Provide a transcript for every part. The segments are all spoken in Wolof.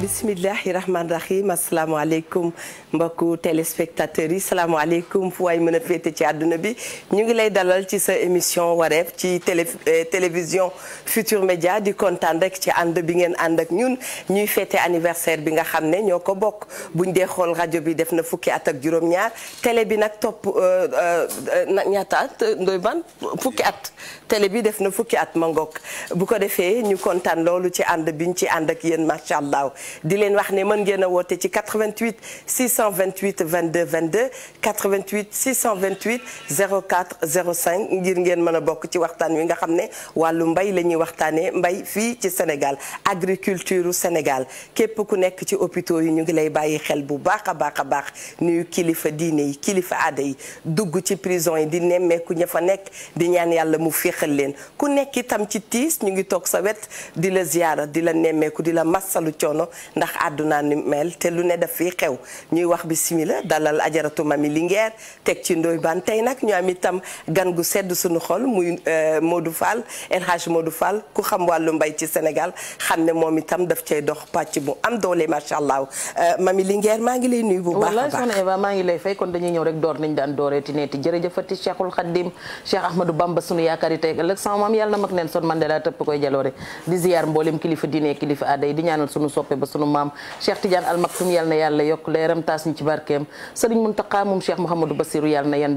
bisimilahi rahmaani rahim asalaamaaleykum mbokku téléspectateurs yi salaamaaleykum fu waay mën féete ci àdduna bi ñu ngi lay dalal ci sa émission wareef ci télé euh, télévision Futur Média di kontaan rek ci ànd bi ngeen ànd ak ñun ñuy féete anniversaire bi nga xam ne ñoo ko bokk buñ dee xool rajo bi def na fukki at ak juróom-ñaar télé bi nag topp euh, euh, ñaata at ndoy ban fukki at. télé bi def na fukki at ma ngoog bu ko defee ñu kontaan loolu ci ànd biñ ci ànd ak yéen macha allah di leen wax ne mën ngeen a woote ci 88 628 22 22 88 628 04 05 ngir ngeen mën a bokk ci waxtaan wi nga xam ne wàllu mbay la ñuy waxtaanee mbay fii ci Sénégal agriculture Sénégal képp ku nekk ci hôpitaux yi ñu ngi lay bàyyi xel bu baax a baax a baax nuyu kilifa diine yi kilifa aada yi dugg ci prison yi di nemmeeku ña fa nekk di ñaan yàlla mu fiix féexal leen ku nekk itam ci tiis ñu ngi toog sa wet di la ziyaara di la nemmeeku di la massalu coono ndax àdduna ni mel te lu ne daf fi xew ñuy wax bismillah dalal ajaratu Mami Linguère teg ci ndoy baan tey nag ñu itam gan gu sedd suñu xol muy euh, Modou Fall El Hadj Modou Fall ku xam wàllu mbay ci Sénégal xam ne moom itam daf cay dox pàcc bu am doole macha allah euh, Mami Linguère maa ngi lay nuyu bu baax a baax maa ngi lay fay kon dañuy ñëw rek door nañ daan dooreeti neeti jërëjëfati Cheikhul Khadim Cheikh Ahmadou Bamba sunu yaakaar teeg ëllëg sama maam yàlla na mag neen son Mandela tëpp koy jaloore di ziar mboolem kilifa diine kilifa aada yi di ñaanal sunu soppe ba sunu maam Cheikh Tidiane Al Maktoum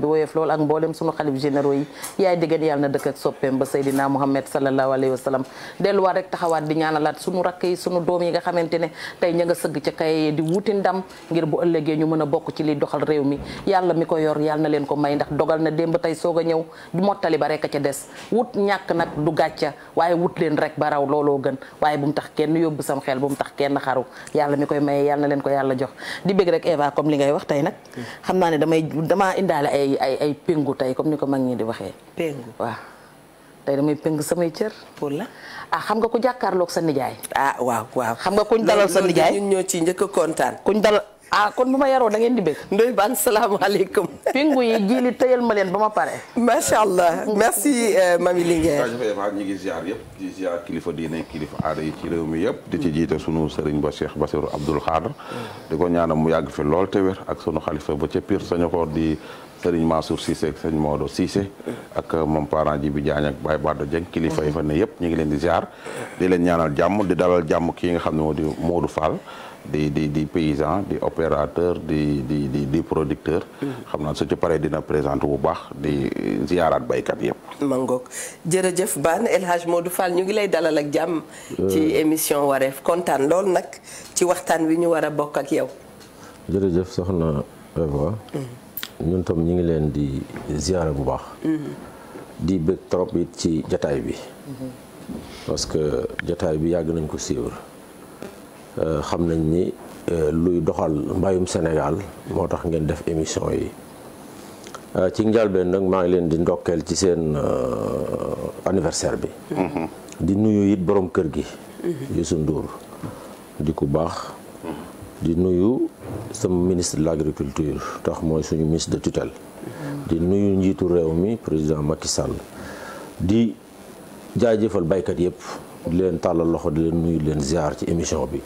bi woyof lool ak mboolem sunu xalif généraux yi yaay diggéen yàlla na dëkk soppeem ba Seydina Mouhamed sallallahu alayhi wa sallam delluwaat rek taxawaat di ñaanalaat sunu rakk yi sunu doom yi nga xamante ne tey ña nga sëgg ca kay di wuti ndam ngir bu ëllëgee ñu mën a bokk ci li doxal réew mi yàlla mi ko yor yàlla na leen ko may ndax dogal na démb tey soog a ñëw mottali ba rek ca wut ñàkk nag du gàcca waaye wut leen rek ba raw looloo gën waaye bu mu tax kenn yóbbu sam xel bu mu tax kenn xaru yàlla mi koy maye yàlla na leen ko yàlla jox di bëgg rek Eva comme li ngay wax tey nag xam naa ne damay damaa indaale ay ay ay tey comme ni ko mag ñi di waxee péngu waaw tey damay péng samay cër pour la ah xam nga ku jàkkaarloog sa nijaay ah waaw waaw xam nga kuñ dalal sa nijaay ñun dalal ah kon ba ma yaroo da ngeen di bëgg. ndoy baan salaamaaleykum. pingu yi ji li tëyal ma leen ba ma pare. macha allah merci euh, mami Linguère. ñu ngi ziar yëpp di ziar kilifa diine kilifa aada yi ci réew mi yëpp. di ci jiite sunu sëriñ ba Cheikh baseru Abdoul Khadr. di ko ñaanal mu yàgg fi lool te wér ak sunu xalifa ba ca Pire sañu ko di. sëriñ Mansour Cissé ak sëriñ Maodo Cissé ak moom parent ji bi Diagne ak Baye Bado Dieng kilifa yi fa ne yëpp ñu ngi leen di ziar di leen ñaanal jàmm di dalal jàmm kii nga xam ne moo di Modou di di di paysan di opérateur di di di di producteur. Mhm. xam naa su ci paree dina présenter bu baax di ziyaaraat baykat yëpp. mangook jërëjëf baan El Hadj Modou Fall ñu ngi lay dalal ak jàmm. Euh. ci émission wareef kontaan lool nag ci waxtaan wi ñu war a bokk ak yow. jërëjëf soxna Eva. Mhm. ñun tam ñu ngi leen di ziyaara bu baax. Mhm. di bëgg trop it ci jataay bi. parce que jataay bi yàgg nañ ko suivre. Euh, xam nañ ni euh, luy doxal mbayum Sénégal moo tax ngeen def émission yi euh, ci njëlbeen nag maa ngi leen di ndokkeel ci seen anniversaire bi. Mhm. di nuyu it borom kër gi. Mhm. Youssou Ndour di ku baax. Mhm. di nuyu sama ministre de l' agriculture tax mooy suñu ministre de tutelle. di nuyu njiitu réew mi président Macky Sall di jaajëfal baykat yëpp di leen tàllal loxo di leen nuyu leen ziar ci émission bi.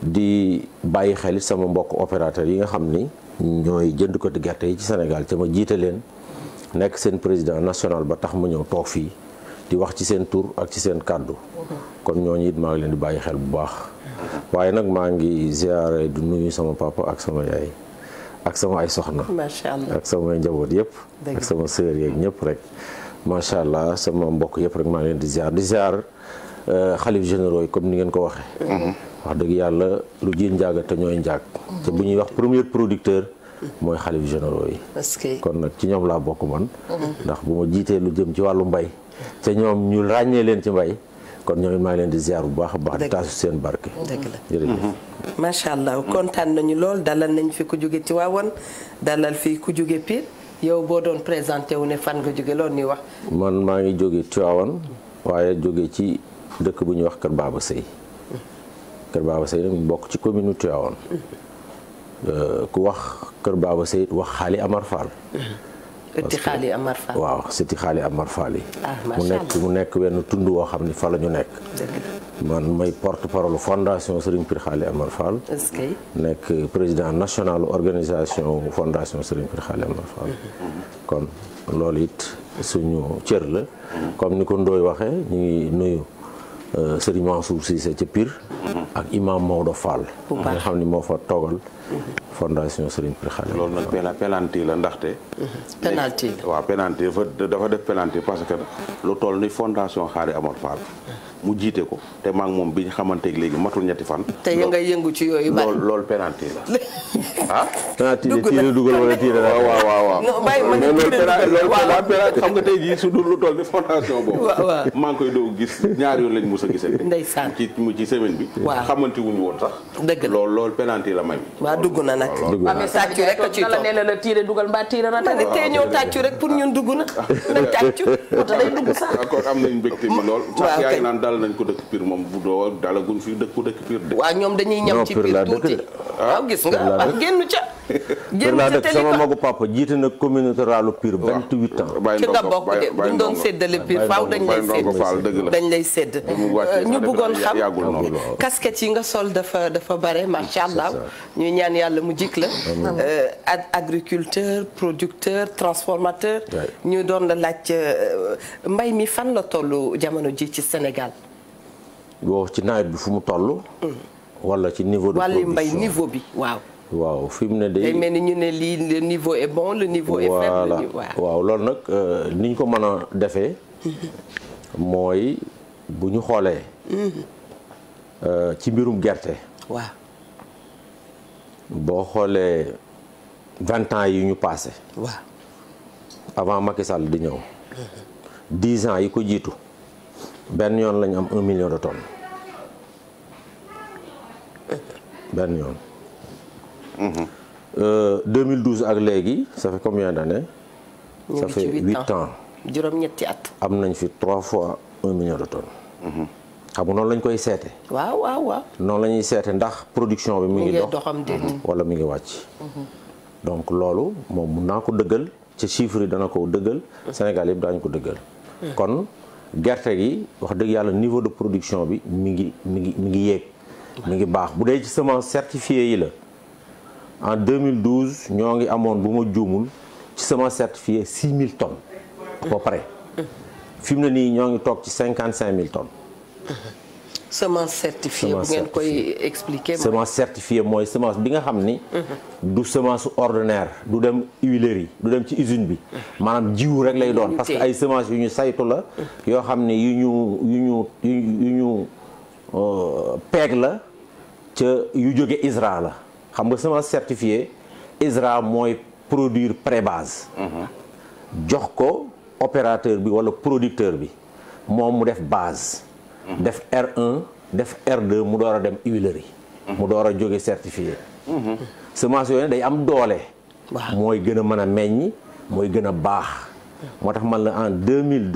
di bàyyi xel sama mbokk opérateur yi nga xam ni ñooy di gerte yi ci Sénégal te ma jiite leen nekk seen président national ba tax ma ñëw toog fii di wax ci seen tur ak ci seen kàddu kon ñooñu it maa ngi leen di bàyyi xel bu baax waaye nag maa ngi ziare du nuyu sama papa ak sama ak sama ay soxna macha allah ak sama njaboot yëpp ak sama sœur yeeg ñëpp rek macha allah sama mbokk yëpp rek maa ngi leen di ziar di ziar Euh, xalif généraux yi comme ni ngeen ko waxee. Mhm. wax dëgg yàlla lu ji njaaga te ñooy njaag. Mhm. te bu ñuy wax première producteur. mooy xalif généraux yi. kon nag ci ñoom laa bokk man. Mhm. ndax bu ma jiitee lu jëm ci wàllu mbay. te ñoom ñu ràññee leen ci mbay. kon ñoom maa ngi leen di ziar bu baax a baax. di taasu seen barke. dëgg la macha allah kontaan nañu lool dalal nañ fi ku jóge ci waawoon dalal fi ku jóge Pire yow boo doon présenté wu ne fan nga jóge loolu ñuy wax. man maa ngi jóge Tivaouane waaye jóge ci dëkk bu ñuy wax Kër Baaba Sëy Kër Baaba Sëy mu bokk ci commune Tivaouane euh, ku wax Kër Baaba Sëy wax xaali Amar Fall ëtti xaali Amar xaali Amar Fall yi ah, mu nekk mu nekk wenn tund woo xam ne fa la ñu nekk man may porte parole fondation Serigne Pir Xaali Amar Fall nekk président national organisation fondation Serigne Pir Xaali Amar Fall kon loolu it suñu cër la mm-hmm. comme ni ko Ndoye waxee ñu ngi nuyu Euh, Serigne Mansour Cissé ca Pire. Mm-hmm. ak imam Maodo Fall. nga xam ni moo fa toogal. Mm-hmm. fondation Serigne Pire Xale. loolu nag pena la ndaxte. Mm-hmm. penalty waaw penalty dafa def penalty parce que lu toll ni fondation Khary Amadou Fall. mu jiite ko te maa moom bi ñu xamanteeg léegi matul ñetti fan. te ya nga yëngu ci yooyu. bari loolu loolu penalty la. ah. ah tiire tiire dugal wala tiire la. a waaw waaw. non bàyyi ma ne tiire dugal xam nga tey jii su dul lu toll ni fondation boobu. maa ngi koy doog gis ñaari yoon lañ mos a gisee. ndeysaan ci mu ci semaine bi. waaw xamante wuñu woon sax. dëgg la loolu loolu penalty la may. dugg na nag. dugg na nag tàccu rek a ciy toog nee na la tiire dugal mbaa tiire na tamit tey ñëw tàccu rek pour ñun dugg na. nañ tàccu oto day lool. dal nañ ko moom bu doo fi dëkk ku dëkk ñoom dañuy ñam ci biir tuuti ah, waaw gis nga wax ah, génn ca. génn ca télé sama magu na communauté rurale pire. waaw 28 ans ci nga bokk de buñ doon séddale pire faaw dañ lay sédd dañ lay sédd. ñu bëggoon xam casquette yi nga sol dafa dafa bare macha allah ñu ñaan yàlla mu jik la. Euh, agriculteur producteur transformateur. ñu doon la laaj euh, mbay mi fan la tollu jamono ji ci Sénégal. boo ci nawet bi fu mu toll. Mm-hmm. walla ci niveau de production mbay niveau bi waaw. waaw fi mu ne de. day ni ñu ne lii le niveau est bon le niveau est faible. waaw loolu nag euh, ni ñu ko mën a defee. Mm-hmm. mooy bu ñu xoolee. Mm-hmm. Euh, ci mbirum gerte. waaw. boo xoolee vingt ans yi ñu passé. avant Macky di ñëw. dix ans yi ko jiitu. benn yoon lañu am un million de tonnes benn yoon. Mm -hmm. euh, 2012 ak léegi ça fait combien d'années. ça fait huit ans juróom-ñetti at. am nañ fi trois fois un million de tonnes. Mhm. xam nga noonu lañ koy seete. waaw waaw waaw. noonu la seete ndax production bi. mi ngi dox mhm. wala mi ngi wàcc. Mhm. donc loolu moom mun naa ko dëggal ci chiffres yi dana ko dëggal. Sénégal yëpp daañu ko dëggal. kon gerte gi wax dëgg yàlla niveau de production bi mi ngi mi ngi mi ngi yéeg mi ngi baax bu dee ci semence certifiée yi la en 2012 ñoo ngi amoon bu ma juumul ci semence certifiée 6000 tonnes à peu près fi mu ne nii ñoo ngi toog ci 55000 tonnes semence certifiée bu ngeen koy expliquer. semence certifiée mooy semence bi nga xam ni. du semence ordinaire du dem huilerie du dem ci usine bi. maanaam jiwu rek lay doon. parce que ay semence yu ñu saytu la. yoo xam ni yu ñu yu ñu yu ñu euh, peeg la ca yu jóge ISRA la xam nga semence certifiée ISRA mooy produire pré-base. Mhm. jox ko opérateur bi wala producteur bi moom mu def base. Mm-hmm. def R1 def R2 mu door a dem huilerie mm-hmm. mu door a jóge certifié mm-hmm. semence yooyu day am doole mooy gën a mën a meññ mooy gën a baax moo tax man la en 2012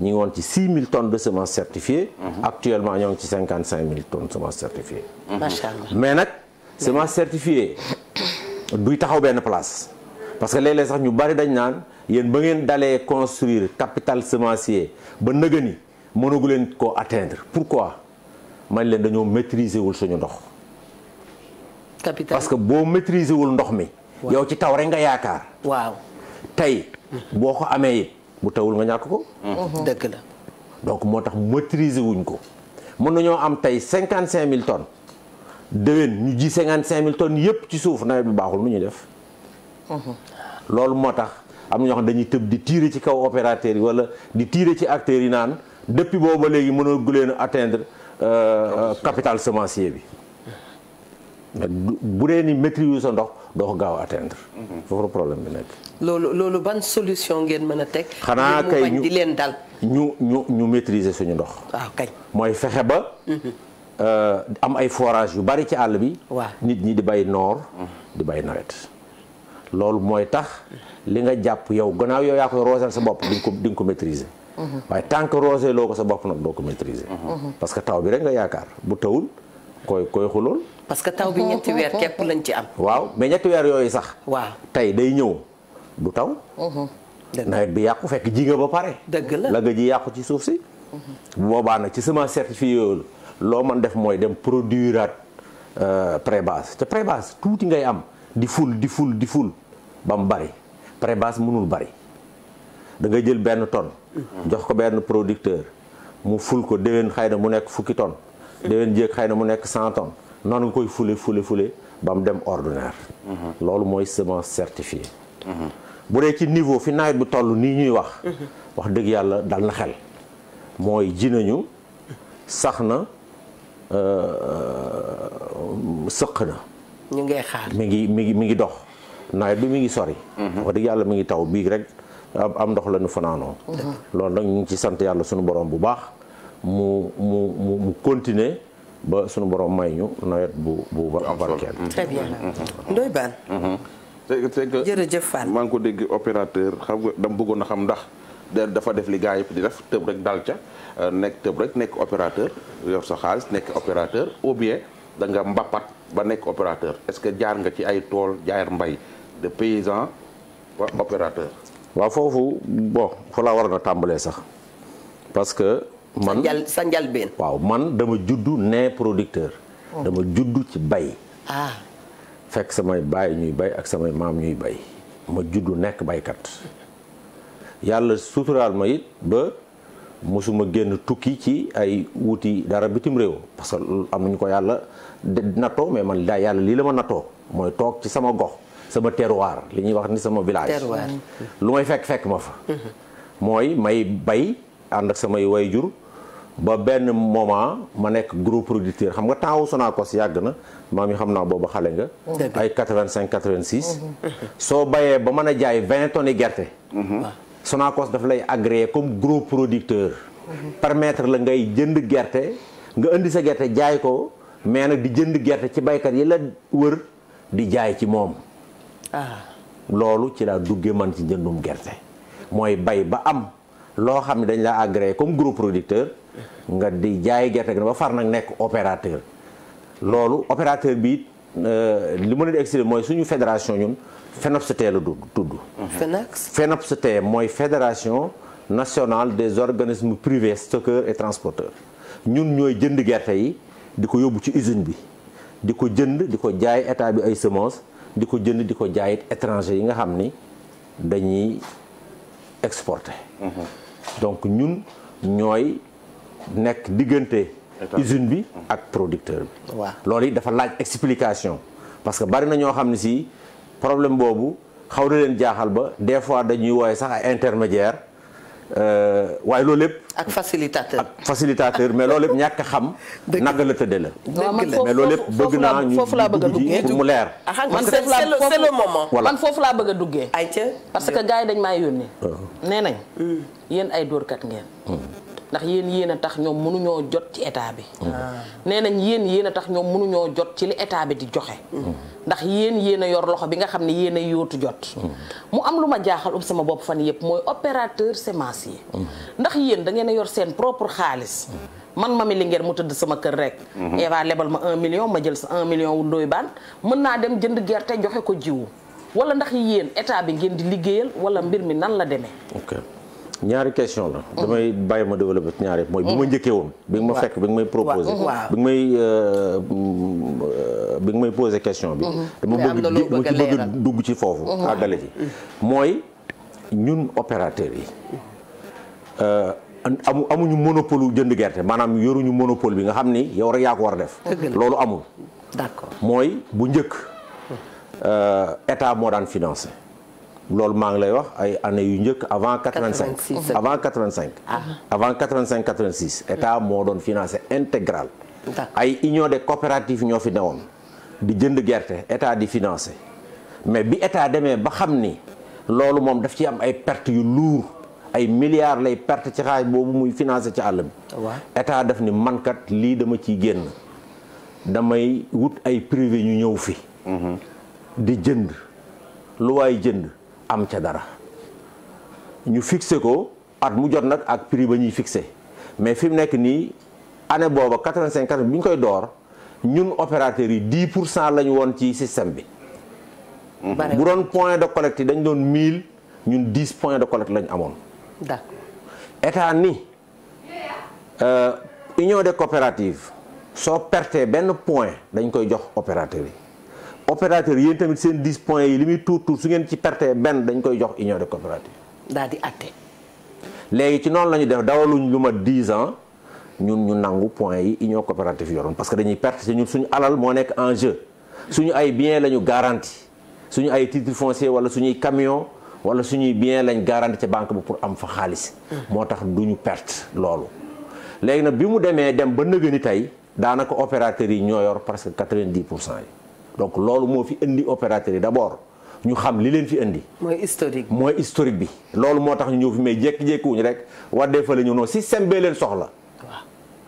ñu ngi woon ci mille tonnes de semence certifiée actuellement ñoo ngi ci 55000 tonnes semence certifiée macha allah mais nag semence certifiée duy taxaw benn place parce que léeg sax ñu bari dañ naan yéen ba ngeen dalee construire capital semencier ba nëgëni mënagu leen koo atteindre pourquoi man leen dañoo maîtriser wul suñu ndox. capital parce que boo maîtriser wul ndox mi. yow ci taw rek nga yaakaar. waaw tey boo ko amee it bu tawul nga ñàkk ko. Mhm. dëgg la. donc moo tax maîtriser wuñ ko mën nañoo am tey cinquante cinq mille tonnes déwén ñu ji cinquante cinq mille tonnes yépp ci suuf nawet bi baaxul nu ñuy def. Mhm. loolu moo tax am na ñoo xam dañuy tëb di tiire ci kaw opérateur yi wala di tiire ci acteurs yi naan. depuis boobu ba léegi mënoo guleen a atteindre euh, euh, capital semencier bi bu dee ni maîtriser sa gaaw a atteindre. problème bi nekk. loolu loolu ban solution ngeen mën a teg. xanaa kay ñu leen dal. ñu ñu ñu maîtriser suñu ndox. waaw mooy fexe ba. Mhm. Euh, am ay forage yu bari ci àll bi. waaw nit ñi di bay noor. di bay nawet. loolu mooy tax li nga jàpp yow gannaaw yow yaa koy roosal sa bopp di nga ko di ko maîtriser. waaye tant que roosee loo ko sa bopp nag doo ko maîtriser. parce que taw bi rek nga yaakaar bu tawul koy koy xulool. parce que taw bi ñetti weer képp lañ ci am. waaw mais ñetti weer yooyu sax. waaw tey day ñëw bu taw. nawet bi yàqu fekk ji nga ba pare. dëgg la la nga ji yàqu ci suuf si. bu boobaa nag ci semence certifiée yooyu loo man def mooy dem produiraat euh, pré-base te pré-base tuuti ngay am di ful di ful di ful ba mu bari pré-base mënul bari. da nga jël benn ton jox ko benn producteur mu ful ko déwén xëy na mu nekk fukki ton déwén jéeg xëy na mu nekk cent tonnes noonu nga koy fule fule fule ba mu dem ordinaire. loolu mooy semence certifiée. bu dee ci niveau fi nawet bi toll nii ñuy wax. wax dëgg yàlla dal na xel. mooy ji nañu sax na euh, sëq na. ñu ngi xaar mi ngi mi ngi mi ngi dox nawet bi mi ngi sori. Mhm. wax dëgg yàlla mi ngi taw bii rek. am ndox la ñu fanaanoo loolu nag ñu ngi ci sant yàlla suñu borom bu baax mu mu mu mu continuer ba suñu borom may ñu nawet bu bu ba barkeel mm-hmm. très bien mm-hmm. Mm-hmm. Ndoye Bane c'est que jërëjëf Fall maa ngi ko dégg opérateur xam nga dama bëggoon a xam ndax dafa def li yëpp di def tëb rek dal ca euh, nekk tëb rek nekk opérateur yor sa xaalis nekk opérateur au bien da nga mbappat ba nekk opérateur est-ce que jaar nga ci ay tool jaar mbay de paysan ba opérateur waaw foofu bon fa laa waroon a tàmbalee sax parce que. man sa njalbeen waaw man dama judd ne producteur. Oh. dama juddu ci bay. ah fekk samay bay ñuy bay ak samay maam ñuy bay ma juddu nekk baykat yàlla suturaal ma it ba mësuma génn tukki ci ay wuti dara bitim réew parce que am nañu ko yàlla nattoo mais man daa yàlla lii la ma nattoo mooy toog ci sama gox. sama terroir li ñuy wax ni sama village. lu may fekk fekk ma fa. mooy may bay ànd ak samay jur ba benn moment ma nekk gros producteur xam nga temps wu Sonacos yàgg na maam yi xam naa boobu xale nga. ay 85 86. soo bayee ba mën a jaay 20 tonnes gerte. Mhm. Sonacos daf lay agréé comme gros producteur. permettre la ngay jënd gerte nga indi sa gerte jaay ko mais nag di jënd gerte ci baykat yi la wër di jaay ci moom. Ah. loolu ci laa duggee man ci njëndum gerte mooy bay ba am loo xam ne dañ laa agréé comme group producteur nga di jaay gerte gi ba far nag nekk opérateur loolu opérateur bi euh, li ma leen expliqué mooy suñu fédération ñun FENOPST la du tudd FENOPST mooy fédération national des organismes privés stockeurs et transporteurs ñun ñooy jënd gerte yi di ko yóbbu ci usine bi di ko jënd di ko jaay état bi ay semences di ko jënd di ko jaayit étranger yi nga xam ni dañuy exporter. Mhm. donc ñun ñooy nekk diggante. usine bi ak producteur bi. waaw loolu it dafa laaj explication parce que bari na ñoo xam ne si problème boobu xaw na leen jaaxal ba des fois dañuy wooye sax ay intermédiaire Euh, waaye loolu lépp. ak facilitateur ak facilitateur mais loolu lépp ñàkk a xam. naka la tëddee la. mais loolu lépp bëgg naa ñu dugg pour mu leer. Ah, man c'est le moment. man foofu laa bëgg a duggee. parce que gars yi dañ maa yónnee. Uh-huh. nee nañ mm. yéen ay dóorkat ngeen. Mm. ndax yéen yéen a tax ñoom mënuñoo jot ci état bi. Mm. nee nañ yéen yéen a tax ñoom mënuñoo jot ci li état bi di joxe. Mm. ndax yéen yéen a yor loxo bi nga xam ne yéen a yóotu jot. Mm. mu am lu ma jaaxal um sama bopp fan yëpp mooy opérateur semence yi. ndax yéen da ngeen a yor seen propre xaalis. man ma mi lingeer mu tëdd sama kër rek. Mm-hmm. Eva lebal ma un million ma jël sa un million wu doy baan mën naa dem jënd gerte joxe ko jiwu wala ndax yéen état bi ngeen di liggéeyal wala mbir mi nan la demee. ñaari question la. Mm-hmm. damay bàyyi ma développé ci ñaari mooy bi ma mm-hmm. njëkkee woon. bi nga ma fekk bi may proposé. bi nga may euh, bi nga may posé question bi. Mm-hmm. dama bëgg mu dugg ci foofu. àggale ci mooy ñun opérateur yi. Euh, amu amuñu monopole jënd gerte maanaam yoruñu monopole bi nga xam ni yow rek yaa ko war a def. loolu amul. d'accord mooy bu njëkk euh, état moo daan financé. loolu maa ngi lay wax ay années yu njëkk avant 85 avant 85 ah. avant 85 86 état mm. moo doon financé intégral ay union des coopératives ñoo fi newoon di jënd gerte état di financé mais bi état demee ba xam ni loolu moom daf ci am ay pertes yu lourd ay milliards lay perte ci xaaj boobu muy financé ci àll bi état daf ni mankat lii dama ciy génn damay wut ay privé ñu ñëw fi mm-hmm. di jënd lu waay jënd am ca dara ñu fixé ko at mu jot nag ak prix ba ñuy fixé mais fi mu nekk nii année booba 85 80 bi ñu koy door ñun opérateurs yi 10 pour cent la ñu woon ci système bi. bu doon point de collecte dañ doon 1000 ñun 10 points de collecte la amoon. d'accord état ni euh, union des coopératives soo pertee benn point dañ koy jox opérateurs yi. opérateur yéen tamit seen 10 points yi li muy tuur tuur su ngeen ci perte benn dañ koy jox union de coopérative. daal di àtte. léegi ci noonu la ñu def dawaluñ lu ma 10 ans ñun ñu nangu points yi union coopérative yoroon parce que dañuy perte te ñun suñu alal moo nekk en jeu suñu ay bien la ñu garanti suñu ay titre foncier wala suñuy camion wala suñuy bien lañ garanti ca banque bi pour am fa xaalis. Hmm. moo tax duñu ñu perte loolu. léegi nag bi mu demee dem ba nëgëni tey daanaka opérateurs yi ñoo yor parce que 90 pour cent yi. donc loolu moo fi indi opérateur yi d'abord ñu xam li leen fi indi. mooy historique mooy historique bi. loolu moo tax ñu ñëw fi mais jékki-jékki wuñu rek waddee fa la ñu non système bee leen soxla.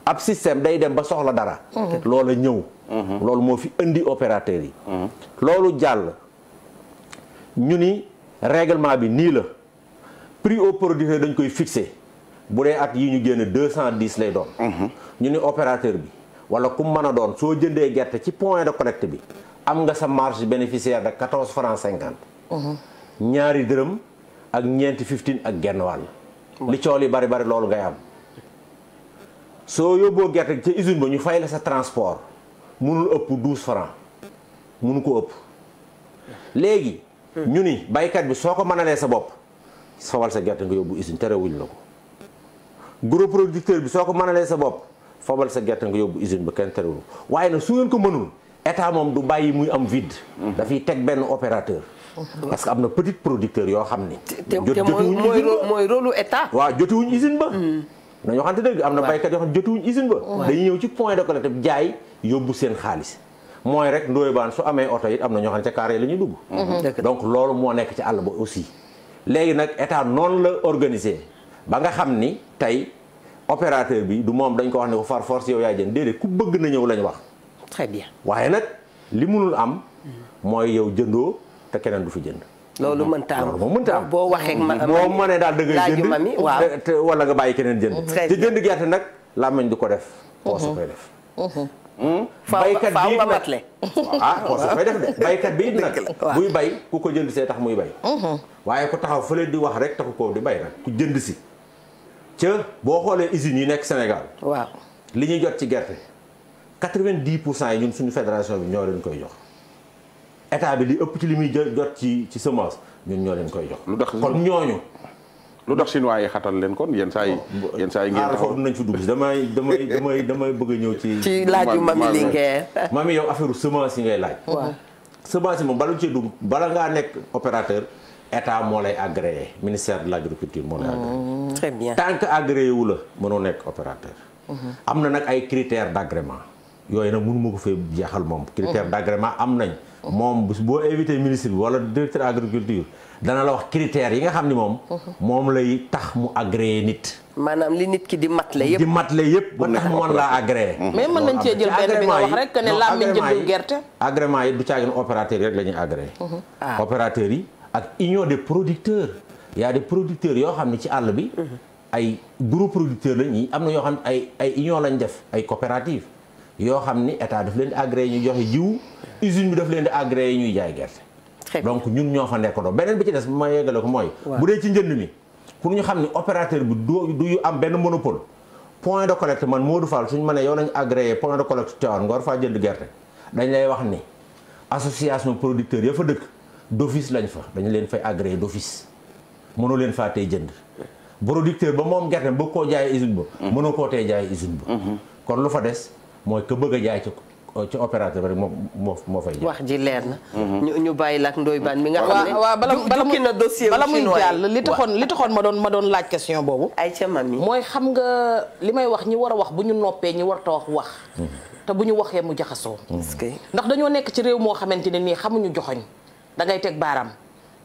ab système day dem ba soxla dara. loola ñëw. Mhm. loolu moo fi indi opérateur yi. Mhm. loolu jàll ñu ni règlement bi nii la prix au producteur dañ koy fixé bu dee at yi ñu génn deux cent dix lay doon. Mhm. ñu ni opérateur bi wala ku mën a doon soo jëndee gerte ci point de collecte bi. am nga sa marge bénéficiaire da quatorze francs cinquante. ñaari dërëm ak ñeenti fifteen ak genn wàll. li cool yi bari bari loolu ngay am. soo yóbboo gerte ca usine ba ñu fay la sa transport mënul ëpp douze francs mënu ko ëpp. léegi. Hmm. ñu ni baykat bi soo ko mënalee sa bopp fawal sa gerte nga yóbbu usine terewuñ la ko. gros bi soo ko mënalee sa bopp fawal sa gerte nga yóbbu usine ba kenn terewul waaye nag su ngeen ko mënul. état moom du bàyyi muy am vide. dafay teg benn opérateur. parce que am na petit producteur yoo xam ni. te mooy mooy rôle état. waaw jotiwuñ usine ba. Hmm. nañu waxante dëgg am na baykat yoo xam ne jotiwuñ usine ba. dañuy ñëw ci point de collecte jaay yóbbu seen xaalis. mooy rek ndóoy baan su amee oto it am na ñoo xam ne ca carré la ñuy dugg. Mm-hmm. donc loolu moo nekk ci àll ba aussi. léegi nag état noonu la organisé ba nga xam ni tey opérateur bi du moom dañ ko wax ne ko far force yow yaay jën déedéet ku bëgg na ñëw lañ wax. très waaye nag li munul am. mooy yow jëndoo te keneen du fi jënd. loolu mënta am boo moom mënta am boo waxee ma boo daal da ngay jënd waaw wala nga bàyyi keneen jënd. te jënd gerte nag làmmiñ du ko def. poosu koy def. Hmm? baykat ah, def baykat bi nag buy bay ku ko jënd see tax muy bay. Hmm. waaye ku taxaw fële di wax rek taxu ko di bay nag ku jënd si. ca boo xoolee usines yu nekk Sénégal. waaw li ñuy jot ci gerte. quatre-vingt-dix pour cent yi ñun suñu fédération bi ñoo leen koy jox état bi li ëpp ci li muy jot ci ci semence ñun ñoo leen koy jox. lu tax kon ñooñu. lu tax chinois yi xatal leen kon yenn saa yi. yenn saa yi ngeen taxaw nañ fi dugg damay damay damay damay bëgg a ñëw ci. laaj laaju mami yow affaire semence yi ngay laaj. waaw semence yi moom bala cee dugg bala ngaa nekk opérateur état moo lay agréé ministère de l' agriculture moo lay agréé. Mm, très bien wu la mënoo nekk opérateur. Mm-hmm. am na nag ay critères d' yooyu nag mënu ma ko fee jeexal moom critère oh. d'agrément am nañ oh. moom bis boo invité ministre bi wala directeur agriculture dana la wax critères yi nga xam ni moom oh. moom lay tax mu agréé nit maanaam li nit ki di mat la di mat la yëpp ba tax mu mm-hmm. mën laa agréé mais man nañ cee jël benn bi nga wax rek ne laam nañ jëndul gerte du caagin opérateur yi rek la ñuy agréé mm-hmm. ah. opérateur yi ak union des producteur y de des producteurs yoo xam ne ci àll bi mm-hmm. ay gros producteur lañ yi am na yoo xam ne ay ay union lañ def ay coopérative yoo xam ni état daf leen di agréé ñu joxe jiw usine bi daf leen di agréé ñuy jaay gerte. donc ñun ñoo fa nekkandoo beneen bi ci des bi ma yeggale ko mooy. bu dee ci njënd mi pour ñu xam ni opérateur bi du du am benn monopole. point de collecte man moo Fall suñu ma yow nañu agréé point de collecte Tivaouane nga war faa gerte dañ lay wax ni association producteurs ya fa dëkk d'office lañ fa dañu leen fay agréé d'office mënoo leen faa tey jënd producteur ba moom gerte bëgg koo jaay usine ba mm-hmm. mënoo koo tey jaay usine ba mm-hmm. kon lu fa des mooy que bëgg a jaay ci ci opérateur rek moo moo moo fay. wax ji leer na. ñu ñu bàyyi la ak Ndoye Bane mi nga. xam ne waaw na bala muy bala muy jàll li taxoon li taxoon ma doon ma doon laaj question boobu. ay ca mooy xam nga li may wax ñi war a wax bu ñu noppee ñi war ta wax wax. te bu ñu waxee mu jaxasoo. ndax dañoo nekk ci réew moo xamante ne nii xamuñu joxoñ da ngay teg baaraam.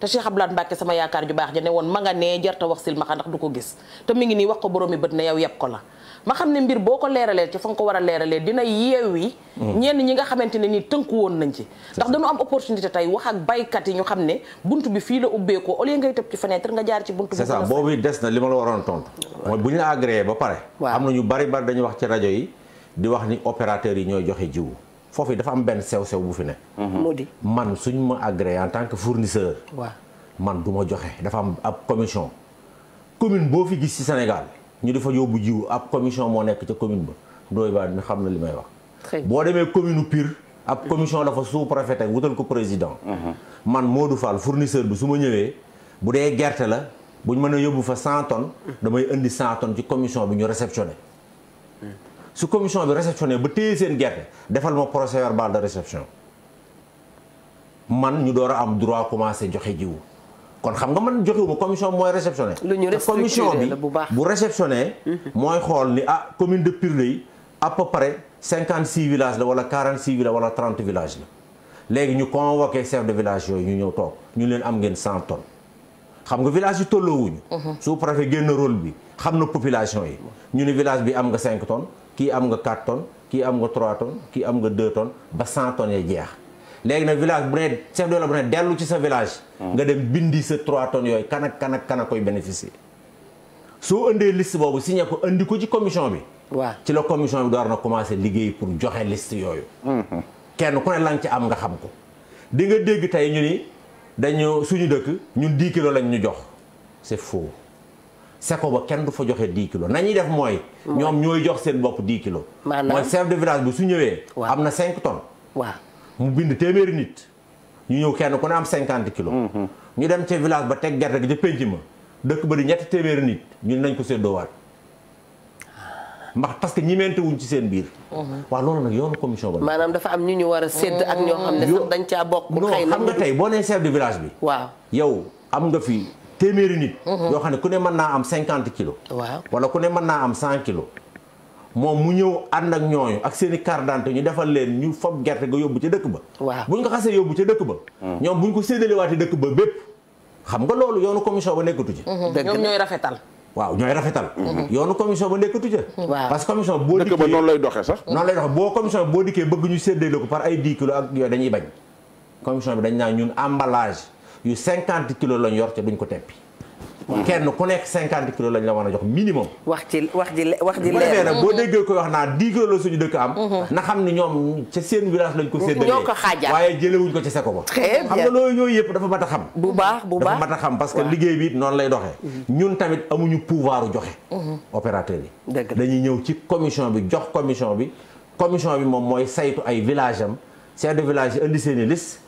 te Cheikh Abdoulaye Mbacke sama yaakaar ju baax ja ne woon ma nga nee jarta wax silmaxa ndax du ko gis te mi ngi nii wax ko boroomi bët na yow yeb ko la ma xam ne mbir boo ko leeralee ci fa ko war a leeralee dina yeewi mm. ñenn ñi nga xamante ne nii tënku woon nañ ci ndax dañu am opportunité tey wax ak baykat yi ñu xam ne bunt bi fii la ubbeekoo au lieu ngay tëb ci fenêtre nga jaar ci bunt bi c'est ça boobu des na li ma la waroon tontu mooy bu ñu la ba pare am na ñu bari bari dañu wax ci rajo yi di wax ni opérateur yi ñooy joxe jiwu foofu dafa am benn sew sew bu fi ne. Mhm. moo di man suñ ma agréé en tant que fournisseur. waaw man du ma joxe dafa am ab commission. commune boo fi gis ci Sénégal ñu di fa yóbbu jiw ab commission moo nekk ca commune ba Ndoye Bane mi xam na li may wax. boo demee commune Pire. ab commission dafa sous-préfet ak wutal ko président. Mhm. man moo du Fall fournisseur bi su ma ñëwee bu dee gerte la bu ñu mën a yóbbu fa 100 mhm. damay indi 100 tonnes ci commission bi ñu réceptionné. su commission bi réceptionné ba téye seen gerte defal ma procès verbal de réception man ñu door a am droit commencé joxe jiwu kon xam nga man joxewu ma commission mooy réceptionné te commission bi bu réceptionné mhm. mooy xool ni ah commune de Pirley yi à peu près cinquante six villages la wala quarante six villages wala trente villages la léegi ñu convoqué chef de village yooyu ñu ñëw toog ñu leen am ngeen cent tonnes xam nga village yi tolloowuñu mhm. sous préfet génn rôle bi xam na population yi ñu ne village bi am nga cinq tonnes kii am nga 4 tonnes kii am nga troit tonnes kii am nga 2 tonnes ba 100 tonnes ya jeex léegi na village bu ne chef de la bu ne dellu ci sa village. Hmm. nga dem bindi sa 3 tonnes yooyu kan ak kan ak koy bénéficier. soo indee liste boobu signé ko indi ko ci commission bi. waaw ci la commission bi door na commencé liggéey pour joxe liste yooyu. Hmm. kenn ku ne la ci am nga xam ko. di nga dégg tey ñu ni dañu suñu dëkk ñun 10 kilos lañ ñu jox c'est faux. seko ba kenn du fa joxe 10 kilo nañuy def mooy. ñoom ñooy jox seen bopp 10 kilo maanaam mooy chef de village bi su ñëwee. am na cinq tonnes. waaw mu bind téeméeri nit. ñu ñëw kenn ku ne am cinquante kilo mhm. ñu dem ca village ba teg gerte gi ca penc ma dëkk ba di ñetti téeméeri nit ñun nañ ko séddoowaat ah. mbax parce que ñi mente ci seen biir. Mhm. waaw loolu nag yoonu commission ba. maanaam dafa am ñu ñu war a sédd ak ñoo xam ne sax dañ caa bokk. xëy na xam nga tey boo nee chef de village bi. waaw yow am nga fi. téeméeri nit. Mhm. yoo xam ne ku ne mën naa am cinquante kilos. waaw wala ku ne mën naa am cent kilos. moom mu ñëw ànd ak ñooñu ak seen i carte ñu defal leen ñu fob gerte ga yóbbu ca dëkk ba. waaw bu ñu ko xasee yóbbu ca dëkk ba. Mm. ñoom bu ñu ko séddalewaatee dëkk ba bépp. xam nga loolu yoonu commission ba nekkatu ci. Mhm. dëgg ñoom ñooy rafetal. waaw ñooy rafetal. Mhm. yoonu commission ba nekkatu ca. waaw parce que commission boo. dikkee dëkk lay doxee sax. noonu lay doxee boo commission boo dikkee bëgg ñu séddale ko par ay 10 kilos ak yooyu dañuy bañ. commission bi dañ naa ñun emballage yu cinquante kilos lañ yor te duñ ko teppi kenn ku nekk cinquante kilos lañ la war a jox minimum. wax ci wax ji wax ji leer nag boo mhm. déggee ko wax naa dix kilos la suñu dëkk am. Mhm. na xam ni ñoom ca seen village lañ ko mhm. séddalee. ñoo ko xaajaat waaye jëlewuñ ko ci seko ba. xam nga loolu yooyu yëpp dafa mat a xam. bu a liggéey bi noonu lay doxee. ñun tamit amuñu pouvoir joxe. opérateur yi. dañuy ñëw ci commission bi jox commission bi commission bi moom mooy saytu ay village am chef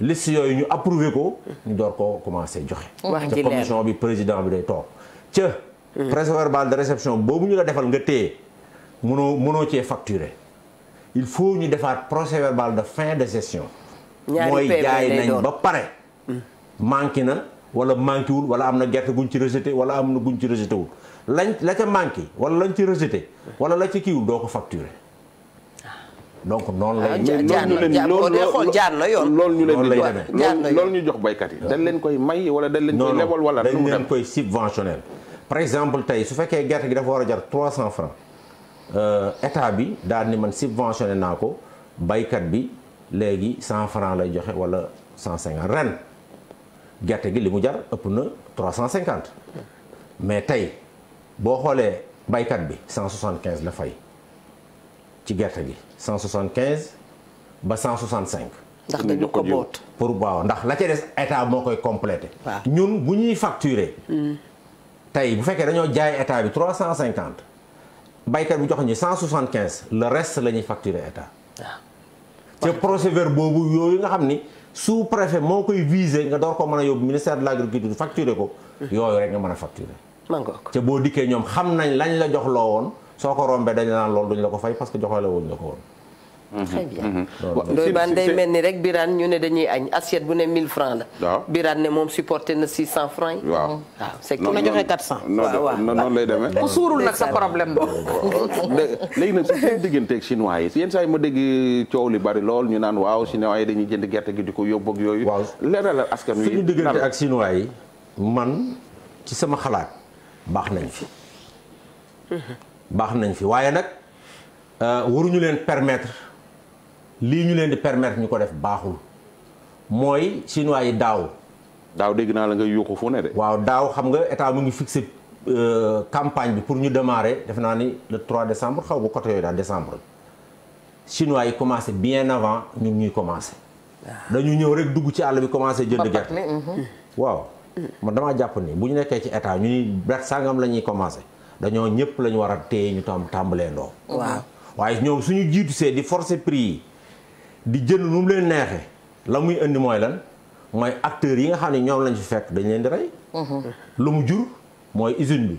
liste yooyu ñu approuvé ko ñu door koo commencé joxe ca commission bi président bi day toog ca procès ball de réception boobu ñu la defal nga téye munoo mënoo cee facturer il faut ñu defaat procès verbal de fin de session mooy jaay nañ ba pare manqué na wala manqué wul wala am na gerte guñ ci rejeté wala am na guñ ci rejeté wul lañ la ca manqué wala lañ ci rejeté wala la ci kiiwul doo ko facturer donc noonu lay. jaar na loolu ñu leen di jox loolu ñu jox baykat yi. dañ leen koy may wala dañ leen koy lebal wala. dañ subventionnel. par exemple tey su fekkee gerte gi dafa war a jar 300 francs euh, état bi daal ni man subventionné naa ko baykat bi léegi cent francs lay joxe wala 150 ren gerte gi li mu jar ëpp na 350 mais tey boo xoolee baykat bi quinze la fay ci gerte gi. cent quinze ba cent 165. ndax dañu ko boot pour waaw ndax la ca des état moo koy complété. ñun bu ñuy facturer. Hmm. tey bu fekkee dañoo jaay état bi 350. baykat bu jox ñu 175 le reste la ñuy facturer état. waaw ca procès verbal boobu yooyu nga xam ni sous préfet moo koy viser nga door ko mën a yóbbu ministère de l' agriculture facturer ko. Hmm. yooyu rek nga mën a facturer. ca boo dikkee ñoom xam nañ lañ la jox loo woon ko rombee dañ naan loolu duñ ko fay parce que joxoo la wuñ très bien. Mhm. Mhm. doy baan day mel ni rek Birane ñu ne dañuy añ assiette bu ne 1000 francs la. waaw ne moom supporté na 600 francs yi. waaw waaw c'est ku la joxe 400. waaw waaw noonu lay demee. ku suurul nag sa problème léegi nag su ngeen digganteeg chinois yenn saa yi ma dégg coow li bari lool ñu naan waaw chinois yi dañuy jënd gerte gi di ko yóbbu ak yooyu. waaw leeralal askan wi. suñu diggante ak chinois yi man ci sama xalaat baax nañ fi. Mhm. baax nañ fi waaye nag euh, waruñu leen permettre. lii ñu leen di permettre ñu ko def baaxul mooy chinois yi daaw. daaw dégg naa la ngay yuuxu fu ne de. waaw daaw xam nga état mu ngi fixé euh, campagne bi pour ñu démarrer def naa ni le 3 décembre xaw ba côté yooyu daal décembre chinois yi commencé bien avant ñun ñuy commencé. Ah. dañu ñëw rek dugg ci àll bi commencé jënd gerte. Mm-hmm. waaw man damaa jàpp ni bu ñu nekkee ci état ñu ni bet sàngam la ñuy commencé dañoo ñëpp lañu ñu war a téye ñu tam tàmbalee ndoo. waaw di jënd nu mu leen neexee la muy indi mooy lan mooy acteurs yi nga xam ne ñoom lañ fi fekk dañ leen di rey. Mm-hmm. lu mu jur mooy usine bi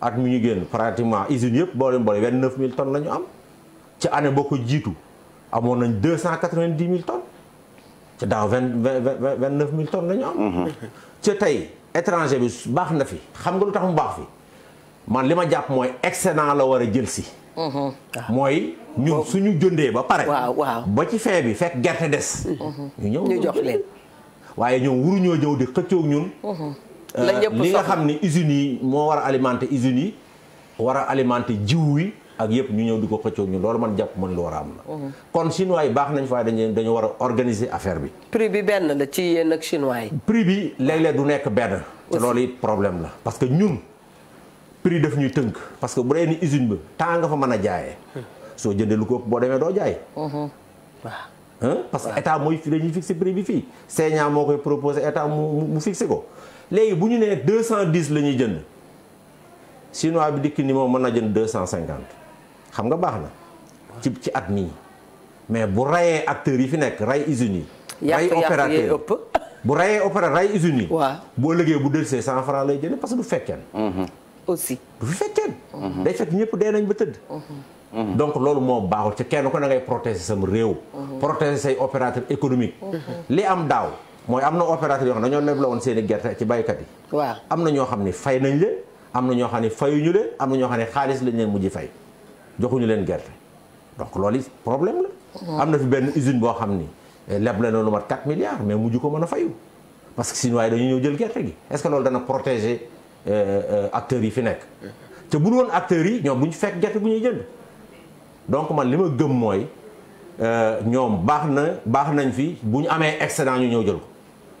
at mu ñu génn pratiquement usine yëpp boo leen boole vingt neuf mille tonnes la am ci année jiitu amoon nañ deux cent quatre vingt dix mille tonnes ci daaw vingt vingt vingt neuf mille tonnes la mm-hmm. tey étranger bi baax na fi xam nga lu tax mu baax fi man li ma jàpp mooy excellent la war a jël si. Uh-huh. mooy ñun suñu jëndee ba pare. waaw waaw ba ci fee bi fekk gerte des. Uh-huh. ñu ñëw ñu jox leen. waaye ñoom waruñoo ñëw di xëccoog ñun. Uh-huh. Euh, li nga xam ni usines yi moo war a alimenter usines yi war a jiw yi ak yëpp ñu ñëw di ko xëccoog ñun loolu man jàpp man lu war a am la. kon chinois yi baax nañ fa dañu dañu war a organiser affaire bi. prix bi benn la ci yéen ak chinois yi. prix bi léeg-léeg du nekk benn. te loolu it problème la parce que ñun. prix def ñuy tënk parce que bu dee ni usine ba temps nga fa mën a jaayee soo jëndee lu ko ëpp boo demee doo jaay mhm. waaw parce que état mooy fi dañuy fixé pris bi fii seeñaa moo koy proposé état mu mu fixé ko léegi bu ñu nee deux cent dix la ñuy jënd chinois bi dikk ni moom mën na jënd deux cent cinquante xam nga baax na ci ci at mii mais bu rayee acteurs yi fi nekk ray usines yi ray opérateur bu rayee opérateur ray usines yi boo liggéey bu delsee cent franc lay jënd parce que du fekkeen mhm. aussi du fi fecceen mhm. day fekk ñëpp dee nañ ba tëdd mhm. Mhm. donc loolu moo baaxul ci kenn ko na ngay protéger sam réew protéger say opérateur économique li am daaw mooy am na opérateur yoo xam ne dañoo leb la woon seen i gerte ci baykat yi waaw am na ñoo xam ne fay nañ leen am na ñoo xam ne fayuñu leen am na ñoo xam ne xaalis lañ leen mujj fay joxuñu leen gerte donc loolu problème la am na fi benn usine boo xam ni eh, leb la na lu mat 4 milliards mais mujj ko mën a fayu parce que sinon dañu ñëw jël gerte gi est-ce que Euh, euh, acteurs yi fi nekk te bu woon acteurs yi ñoom bu ñu fekk gerte bu ñuy jënd donc man li ma gëm mooy euh, ñoom baax na baax nañ fi bu ñu amee excédent ñu ñëw jël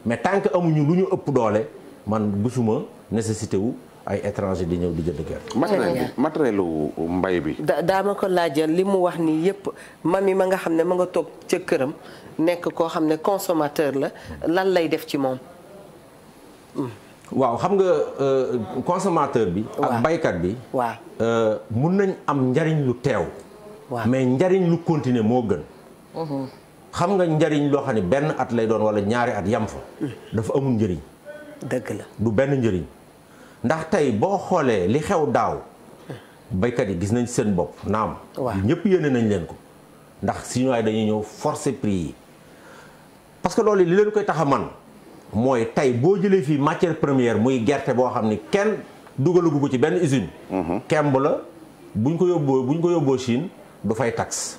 mais tant que amuñu lu ñu ëpp doole man gisuma nécessité wu ay étranger di ñëw di jënd gerte. matériel bi matérielu mbay bi. da daa ma ko laajal li mu wax nii yépp mami ma nga xam ne ma nga toog ca këram nekk koo xam ne consomateur la lan lay def ci moom. Hmm. waaw xam nga euh, consommateur bi. ak baykat bi. waaw euh, mun nañ am njariñ lu teew. mais njariñ lu continuer moo gën. Mhm. xam nga njariñ loo xam ne benn at lay doon wala ñaari at yam fa. Mm. dafa amul njëriñ. dëgg la du benn njëriñ. ndax tey boo xoolee li xew daaw. baykat yi gis nañ seen bopp naam. waaw ñëpp yéene nañ leen ko. ndax sinon dañuy ñëw forcer prix yi. parce que loolu li leen koy tax a man mooy tey boo jëlee fii matière première muy gerte boo xam ni kenn dugalagu ko ci benn usine. Mhm. kemb la buñ ko yóbboo buñ ko yóbboo siin du fay taxe.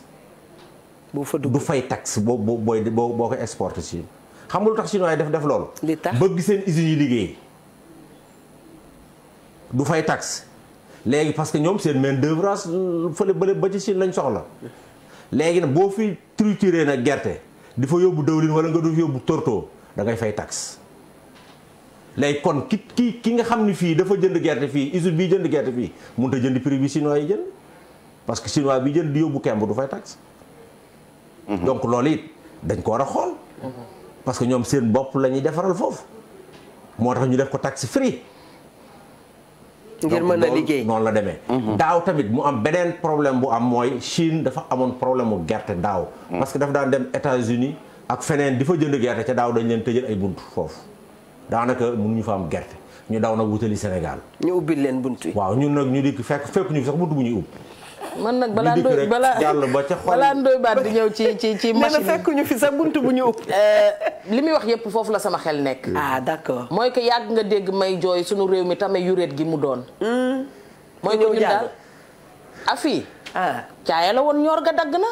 boo fa dugg du fay taxe boo boo booy boo boo ko exporté Chine xam tax Chinois yi def def loolu. tax bëgg seen usines yi liggéey du fay taxe léegi parce que ñoom seen main d'œuvre fële bële ba ci Chine lañ soxla léegi nag boo fi trituré nag gerte di fa yóbbu dëwlin wala nga du yóbbu torto da ngay fay taxe léegi kon ki ki ki nga xam ni fii dafa jënd gerte fii usine bii jënd gerte fii mënut a jënd prix bi chinois yi jënd parce que chinois bi jënd di yóbbu kemb du fay taxe mhm. donc loolu it dañ ko war a xool mhm. parce que ñoom seen bopp lañuy defaral foofu moo tax ñu def ko taxe free ngir mën a liggéey noonu la demee mhm. daaw tamit mu am beneen problème bu am mooy Chine dafa amoon problème mu gerte daaw parce que dafa daan dem États-Unis ak feneen di fa jënd gerte ca daaw dañ leen tëjal ay bunt foofu daanaka ñu fa am gerte ñu daw nag wutali Sénégal. ñu ubbi leen bunt yi. waaw ñun nag ñu dikk fekk fépp ñu sax bunt bu ñuy man nag balaa ndoy balaa jàll ba ca xol balaa ndoy baat di ñëw ci ci ci machine fekk ñu fi sa bunt bu ñu ubbi. Euh, li muy wax yépp foofu la sama xel nekk. ah d'accord. mooy que yàgg nga dégg may jooy sunu réew mi tamit yuréet gi mu doon. Hmm. mooy que ñun daal afi. ah caaya la woon ñor ga dagg na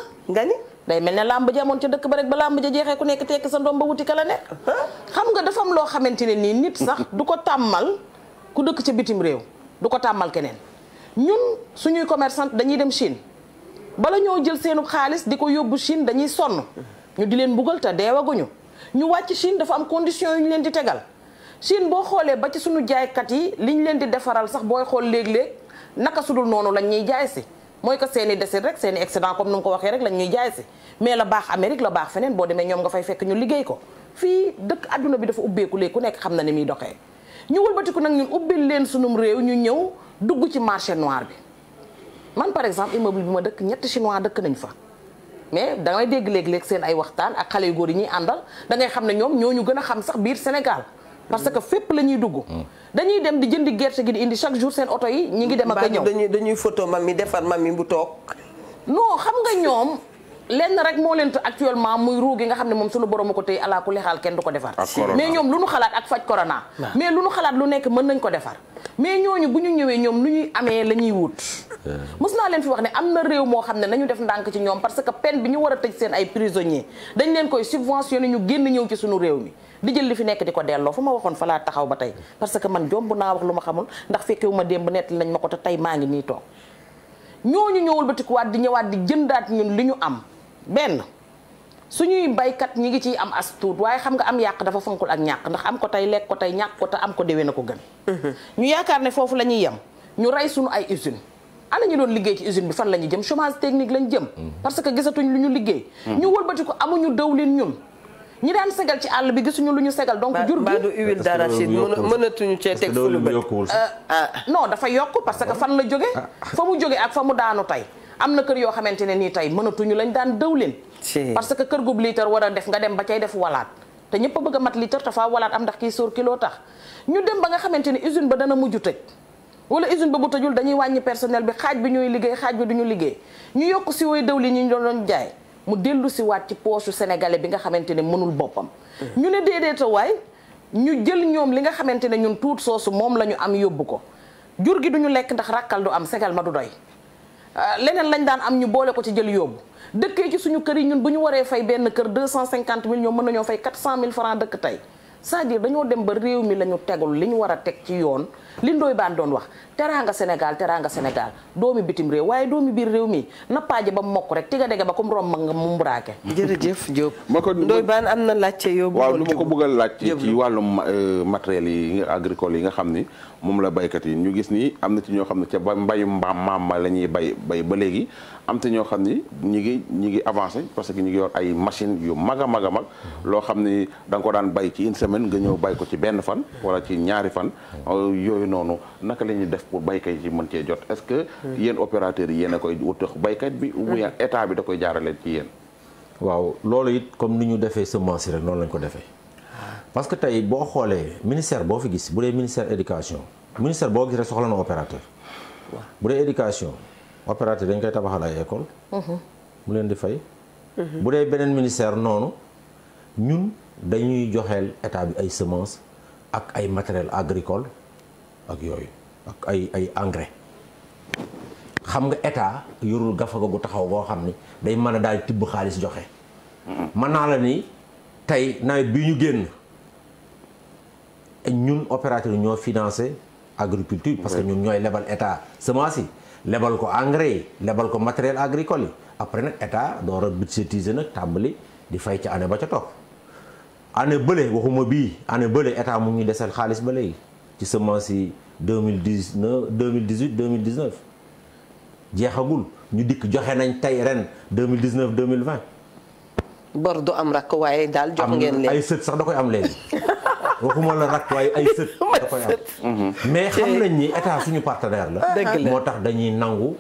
day mel ne làmb ji amoon ca dëkk ba rek ba làmb ja jeexee ku nekk tekki sa ndoom ba wuti kala ne xam nga dafa am loo xamante ne nii nit sax du ko tàmmal ku dëkk ca bitim réew du ko tàmmal keneen ñun suñuy commerçant dañuy dem Chine bala ñoo jël seenu xaalis di ko yóbbu Chine dañuy sonn ñu di leen mbugal te deewaguñu ñu wàcc Chine dafa am condition yu ñu leen di tegal Chine boo xoolee ba ci suñu jaaykat yi li ñu leen di defaral sax booy xool léeg naka sudul noonu lañ ñuy jaay si mooy que seeni i desit rek seen i excédent comme nu mu ko waxee rek lañ jaay si mais la baax Amérique la baax feneen boo demee ñoom nga fay fekk ñu liggéey ko fii dëkk adduna bi dafa ubbeeku léegi ku nekk xam na ni muy doxee ñu wëlbatiku nag ñu ubbil leen sunum réew ñu ñëw dugg ci marché noir bi man par exemple immeuble bi ma dëkk ñetti chinois dëkk nañ fa mais damay dégg léegi léegi seen ay waxtaan ak xale yu góor yi ñuy àndal dangay xam ne ñoom ñoo ñu gën a xam sax biir Sénégal parce que fépp la ñuy dugg mm. dañuy dem di jëndi gerte gi di indi chaque jour seen oto yi ñi ngi dem ak a ñëw dañuy dañuy photo mi defar mami bu toog. non xam nga ñoom lenn rek moo leen actuellement muy ruu gi nga xam ne moom sunu borom a ko téye alaa ku lexaal kenn du ko defar. Ah, mais ñoom lu nu xalaat ak faj corona. Ah. mais lu nu xalaat lu nekk mën nañ ko defar. mais ñooñu bu ñu ñëwee ñoom lu ñuy amee la ñuy wut. Ah. mës naa leen fi wax ne am na réew moo xam ne nañu def ndànk ci ñoom parce que peine bi ñu war a tëj seen ay prisonniers dañ leen koy subventionné ñu génn ñëw ci sunu réew mi di jël li fi nekk di ko delloo fu ma waxoon fa taxaw ba tey parce que man jomb naa wax lu ma xamul ndax fekkewu ma démb nett nañ ma ko te tey maa ngi nii toog ñooñu ñëwul batikuwaat di ñëwaat di jëndaat ñun li ñu am benn suñuy baykat ñi ngi ciy am as waaye xam nga am yàq dafa fonkul ak ñàkk ndax am ko tey lekk ko tey ñàkk ko te am ko déwén ko gën mhm. ñu yaakaar ne foofu la ñuy yem ñu rey suñu ay usine ana ñu doon liggéey ci usine bi fan la ñu jëm chômage technique lañ jëm mhm. parce que gisatuñ lu ñu liggéey mhm. ñu wëlbatiku amuñu dawlin ñun ñi daan segal ci àll bi gisuñu lu ñu segal donc jur gi du huile d'arachide mënatuñu cee teg fu lu bët ah, ah. Ah, non dafa yokk parce que fan la jóge fa mu jóge ak fa mu daanu tey am na kër yoo xamante ne nii tey mënatuñu lañ daan dëwlin parce que kër gub liitar war a def nga dem ba cay def walaat te ñëpp a bëgg a mat liitar te faa walaat am ndax kii sóor kilo tax ñu dem ba nga xamante ne usine ba dana mujj tëj wala usine ba bu dañuy wàññi personnel bi xaaj bi ñuy liggéey xaaj bi duñu liggéey ñu yokk si woy dëwlin yi ñu doon jaay mu dellu si ci poosu sénégalais bi nga xamante ne mënul boppam ñu ne déedéeta waay ñu jël ñoom li nga xamante ne ñun tuut soosu moom lañu am yóbbu ko jur gi du ñu lekk ndax rakkal du am segal ma du doy euh, leneen lañ daan am ñu boole ko ci jël yóbbu dëkkee ci suñu kër yi ñun bu ñu waree fay benn kër deux cent cinquante mille ñoom mën nañoo fay quatre cent mille francs dëkk tey cest à dañoo dem ba réew mi la tegul li ñu war a teg ci yoon li ndooy baan doon wax teraanga Sénégal teranga Sénégal doomi bitim réew waaye doomi biir réew mi nappaaje ba mokk rek a dege ba comme romb nga mu mbraake jërëjëf Diop ma ko am na laajte yow waaw lu ma ko bëgg laaj laajte ci wàllum euh, matériel yi agricole yi nga xam ni moom la baykat yi ñu gis nii am na ci ñoo xam ne ca ba mbayu mbaam maam ma la ñuy bay bay ba léegi am te ñoo xam ni ñi ngi ñi ngi avancé parce que ñi ngi yor ay machine yu mag a mag a mag loo xam ni da nga ko daan bay ci une semaine nga ñëw bay ko ci benn fan wala ci ñaari fan euh, yooyu noonu naka la ñuy def pour baykat yi mën cee jot est-ce que hmm. yéen opérateurs yi yéen a koy wutax baykat bi ou bien hmm. état bi da koy jaarale ci yéen waaw loolu it comme ni ñu defee semence rek noonu lañ ko defee ah. parce que tey boo xoolee ministère boo fi gis bu dee ministère éducation ministère boo gis rek soxla na opérateur bu dee éducation opérateur dañ koy tabaxal ay école mm-hmm. mu leen di fay mm-hmm. bu dee beneen ministère noonu ñun dañuy joxeel état bi ay semences ak ay matériel agricole ak yooyu ak ay engrais xam nga état yorul gafaga gu taxaw boo xam ni day mën a daal tibb xaalis joxe. mën naa la ni tey nawet bi ñu génn ñun opérateur ñoo financé agriculture. parce que ñun ñooy lebal état semence yi lebal ko engrais yi lebal ko matériel agricole yi après nag état door a budgétiser nag tàmbali di fay ca année ba ca topp année bële waxuma bii année bële état mu ngi desal xaalis ba léegi. ci semence yi deux mille dix neuf deux mille dix huit deux mille jeexagul ñu dikk joxe nañ tey ren deux mille dix neuf deux mille vingt. bor du am rakk waaye daal am ngeen leen ay sët sax da koy am léegi waxuma la rakk waaye ay sët da mhm. mais xam nañ ñi état suñu partenaire la dëgg moo tax dañuy nangu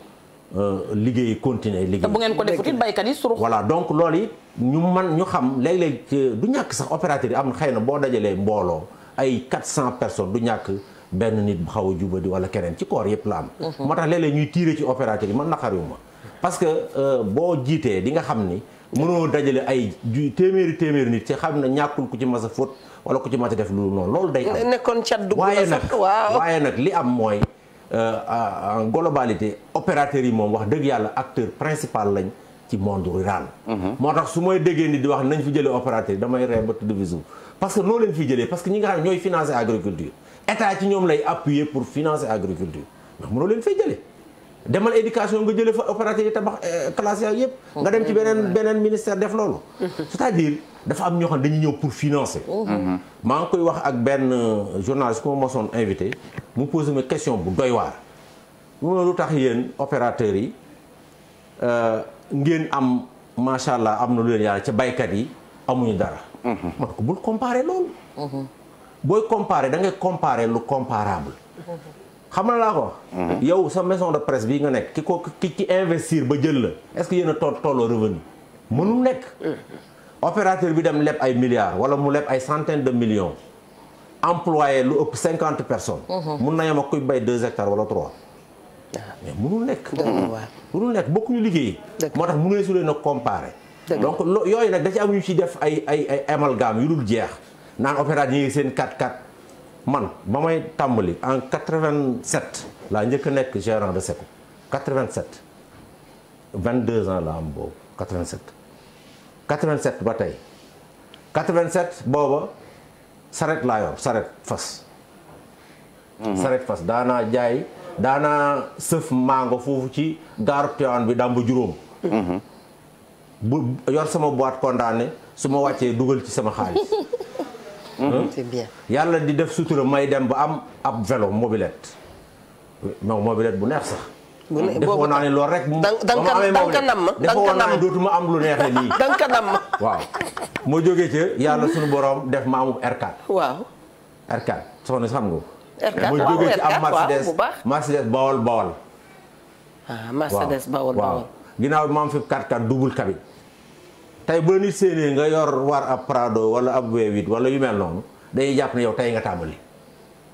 euh, liggéey continuer liggéey bu ngeen ko defut it baykat yi suru voilà donc loolu it ñu man ñu xam léeg-léeg euh, du ñàkk sax opérateur yi am xëy na boo dajalee mbooloo ay quatre cent personne du ñàkk benn nit bu xaw a jubadi wala keneen ci corps yëpp la am. Mhm. moo tax léeg-léeg ñuy tiire ci opérateur yi man naqariwuma parce que euh, boo jiitee di nga xam ni mënoo dajale ay téeméeri téeméeri nit ci xam ne ñàkkul ku ci mas a fóot wala ku ci mas a def lu noonu loolu day nekkoon cat dugg waaye nag waaye li am mooy euh, en globalité opérateur yi moom wax dëgg yàlla acteur principal lañ. ci monde rural. Mhm. moo tax su may déggee nit di wax nañ fi jëlee opérateur damay ree ba tudd parce que noo leen fiy jëlee parce que ñi nga xam ne ñooy financer agriculture état ci ñoom lay appuyer pour financer agriculture ndax mënoo leen fay jëlee demal éducation nga jëlee fa opérateur yi tabax euh, classe yooyu yëpp. Oh, nga dem ci beneen beneen ministère def loolu. c'est-à-dire dafa am ñoo xam ne ñëw pour financer. Oh. Mm-hmm. maa ngi koy wax ak benn euh, journaliste ku ma mosoon invité mu posé ma question bu doy waar. mu ne lu tax yéen opérateurs yi euh, ngeen am macha allah am na lu leen baykat yi amuñu dara. Mm-hmm. man ko bul comparer loolu. Mm-hmm. booy comparer da ngay comparer lu comparable. Mm-hmm. xam na laa ko. yow sa maison de presse bii nga nekk ki ko ki investir ba jël la est-ce que yéen a toll tolloo revenu mënul nekk. opérateur bi dem leb ay milliards wala mu leb ay centaines de millions. employé lu ëpp cinquante personnes. mun na yem ak kuy bay deux hectares wala trois. Ah. mais munul nekk. munul nekk ñu liggéey. moo tax mu ngi su leen a comparé. donc loo yooyu nag da ci am ñu ci def ay ay ay amalgame yu dul jeex naan opéra ñu seen 4 4 man ba may tàmbali en 87 laa njëkk a nekk gérant de Seco 87 22 ans la am boobu ba tey 87 booba saret laa yor saret fas mhm. saret fas daanaa jaay daanaa sëf mango foofu ci gaaru Tiwaawan bi dàmb juróom mhm. bu yor sama boîte condamné su ma wàccee dugal ci sama xaalis. Mhm. yàlla di def sutura may dem ba am ab vélo mobilette moom mobilette bu neex sax. bu ne naa ne lool rek. da nga ka da nga nam ma dootuma am lu neexee nii. da nga ma waaw. moo jógee ca yàlla sunu borom def ma amub R4. waaw. R4 soxna si xam nga ko. R4 jógee ci am Mercedes Mercedes bawol bawol. Ah, ginnaaw ma am fi 4x4 double cabine. tey bu la nit séenee nga yor war ab Prado wala ab V8 wala yu mel noonu dañuy jàpp ne yow tey nga tàmbali.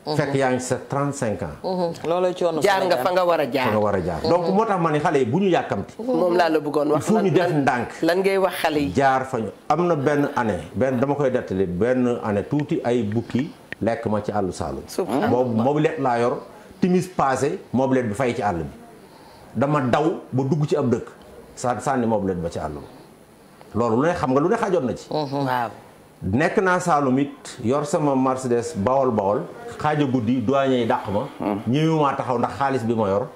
Mhm. fekk yaa ngi sa 35 ans. Mhm. looloo coono jaar nga fa nga war a jaar war a jaar. donc moo tax ma ne xale yi bu ñu yàkkamti. Mhm. moom laa la bëggoon wax fu ñu def ndànk. lan ngay wax xale yi. jaar fa ñu am na benn année benn dama koy dettali benn année tuuti ay bukki lekk ma ci àllu Saalum. boobu mobilette laa yor timis passé mobilette bi fay ci àll bi dama daw ba dugg ci ab dëkk sa sànni mobilette ba ci àll loolu lu ne xam nga lu ne xajoon na ci. waaw. nekk naa Saalum it yor sama Mercedes bawol bawol xaajo guddi douanier yi dàq ma. Hmm. ñëwumaa taxaw ndax xaalis bi ma yor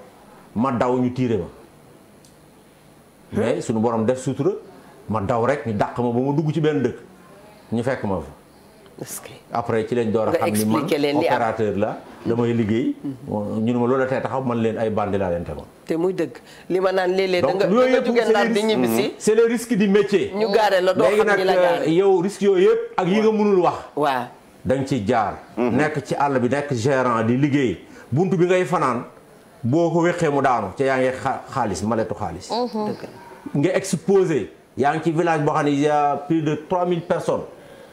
ma daw ñu tiire ma. Hmm. mais suñu borom def sutura ma daw rek ñu dàq ma bu ma dugg ci benn dëkk ñu fekk ma fa. après ci lañ door a xam ni man opérateur la damay liggéey ñu ne ma loolu tey taxaw man leen ay bandi laa leen tegoon te muy dëgg li ma naan léeg-léeg da nga jóge Ndar di ñibbi si mhm. c'est le risque di métier ñu gaare la doo xam ñi la gaare euh, yooyu yëpp ak yi nga mënul wax waaw da nga ci jaar mhm. nekk ci àll bi nekk gérant di liggéey bunt bi ngay fanaan boo ko wexee mu daanu ca yaa ngi xaalis maletu xaalis mhm. nga exposé yaa ngi ci village boo xam ne y a plus de 3000 personnes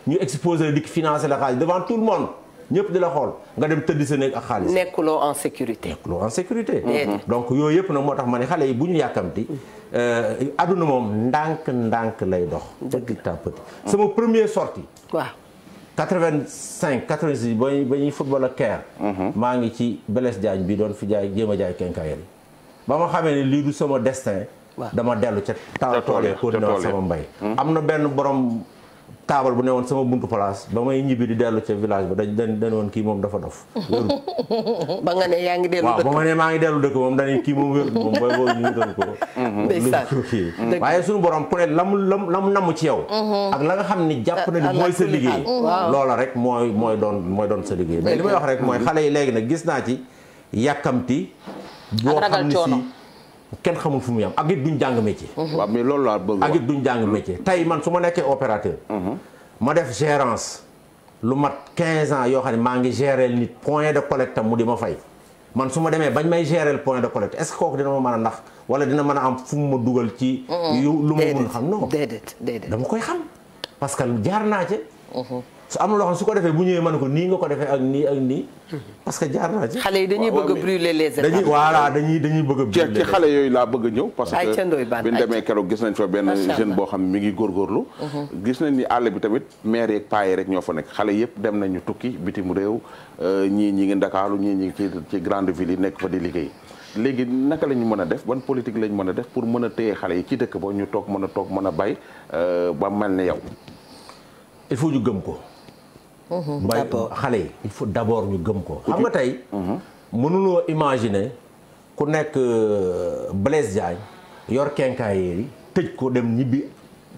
ñu exposé di financer la xaalis devant tout le monde ñëpp di la xool nga dem tëdd sa néeg ak xaalis. nekkuloo en sécurité. nekkuloo en sécurité. donc yooyu yëpp na moo tax ma ne xale yi bu ñu yàkkamti. adduna euh, moom ndànk ndànk lay dox. petit à petit sama première sortie waaw. 85 86 ba ba ñuy football ak Caire. Mhm. maa ngi ci Blaise jaañ bi doon fi jaay jéem a jaay kenkaayel ba ma xamee ne lii du sama destin. dama dellu ca. ca tool ya sama mbay. Mhm. am na benn borom taabal bu ne woon sama buntu place ba may ñibbi di dellu ca village ba dañ dañ dañ woon kii moom dafa dof wéru ba nga ne yaa ngi dellu dëkk waaw ba ma ne maa ngi dellu dëkk moom dañ kii moom wéru moom booy booy suñu borom ku ne la lam lamu namm ci yow mhm. ak la nga xam ni jàpp na ni mooy sa liggéey loola rek mooy mooy doon mooy doon sa liggéey bay li may wax rek mooy mhm. xale yi léegi nag gis naa ci yàkkamti boo xam ne si kenn xamul fu mu yam ak it duñ jàng métier. Mhm. waaw mais loolu laa bëgg ak it duñ jàng métier tey man su ma nekkee opérateur. Mhm. ma def gérance lu mat quinze ans yoo xam ne maa ngi gérer nit point de collecte mu di ma fay man su ma demee bañ may gérer point de collecte est-ce que kooku dina ma mën a ndax wala dina mën a am fu mu ma dugal ci. Mhm. yu lu ma mun xam non déedéet déedéet dama koy xam parce que jaar naa ci. su am na loo xam su ko defee bu ñëwee mën ko nii nga ko defee ak nii ak nii parce que jaar naa ci. xale yi dañuy bëgg a brûler les étapes. dañuy voilà dañuy dañuy bëgg a xale yooyu laa bëgg a ñëw parce que bi ñu demee keroog gis nañ fa benn jeune boo xam ne mi ngi góorgóorlu mhm. gis nañ ni àll bi tamit maire yeeg rek ñoo fa nekk xale yëpp dem nañu tukki bitim réew euh, ñii ñi ngi ndakaalu ñii ñi ngi ci ci grande ville nekk fa di liggéey léegi naka la ñu mën a def ban politique la mën a def pour mën a téye xale yi ci dëkk ba ñu toog mën a toog mën a bay euh, ba mel ne yow il faut ñu gëm ko Mhm. mbay xale yi il faut d'abord ñu gëm ko xam nga tey mhm. mënunoo imagine ku nekk euh, Blaise Diagne yor quincaillerie yi tëj ko dem ñibbi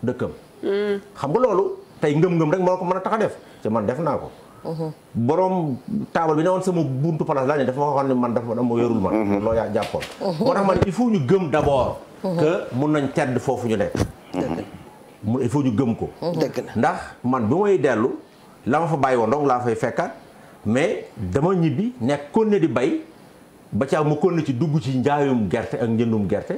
dëkkam mm. xam nga loolu tey ngëm-ngëm rek moo ko mën a tax def ci man def naa ko mhm. borom taabal bi ne woon sama buntu place laa ne dafa waxoon ne man dafa dama yorul man loolu yaa jàppoon moo tax man il faut ñu gëm d'abord que mun nañ tedd foofu ñu nekk il faut ñu gëm ko ndax man bi may dellu la ma fa bàyyi woon donc laa fay fekkaat mais dama ñibbi nekkoon na di bay ba ca mu kon na ci dugg ci njaayum gerte ak njëndum gerte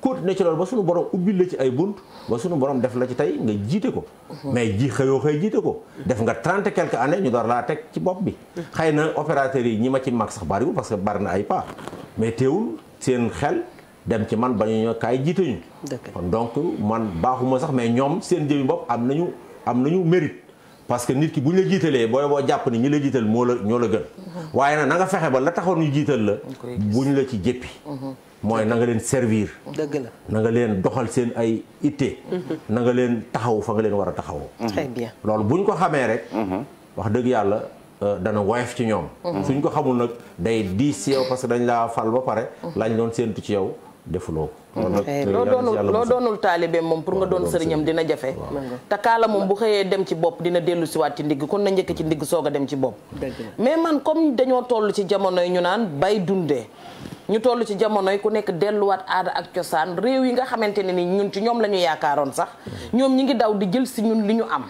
continué ci loolu ba sunu borom ubbi la ci ay bunt ba suñu borom def la ci tey nga jiite ko mais ji xëyoo xëy jiite ko def nga trente quelques années ñu door laa teg ci bopp bi xëy na opérateurs yi ñi ma ci mag sax bariwul que bari na ay pas mais teewul seen xel dem ci man ba ñu ñoo kaay jiite ñu kon donc man baaxuma sax mais ñoom seen jëmi bopp am nañu am nañu mérite parce que nit ki bu ñu la jiitalee booy boo jàpp ni ñi la jiital moo la ñoo la gën waaye nag na nga fexe ba la taxoon ñu jiital la bu ñu la ci jéppi mooy nanga leen servir dëgg la na nga leen doxal seen ay itte na nga leen taxaw fa nga leen war a taxawoo loolu bu ñu ko xamee rek wax dëgg yàlla euh, dana woyof ci ñoom mhm. ñu ko xamul nag day diis ci yow parce que dañ laa fal ba pare lañ doon séentu ci yow defuloo eh, loo doonul loo doonul taalibe moom pour nga doon sëriñam dina jafe mm. te kaala moom bu xëyee dem ci bopp dina dellu siwaat ci ndigg kon na njëkk ci ndigg soog a dem ci bopp mais man comme dañoo toll ci jamono yi ñu naan bay dundee ñu toll ci jamono jamonoy ku nekk delluwaat aada ak cosaan réew yi nga xamante ne ni ñun ci ñoom la ñu yaakaaroon sax ñoom ñi ngi daw di jël si ñun li ñu am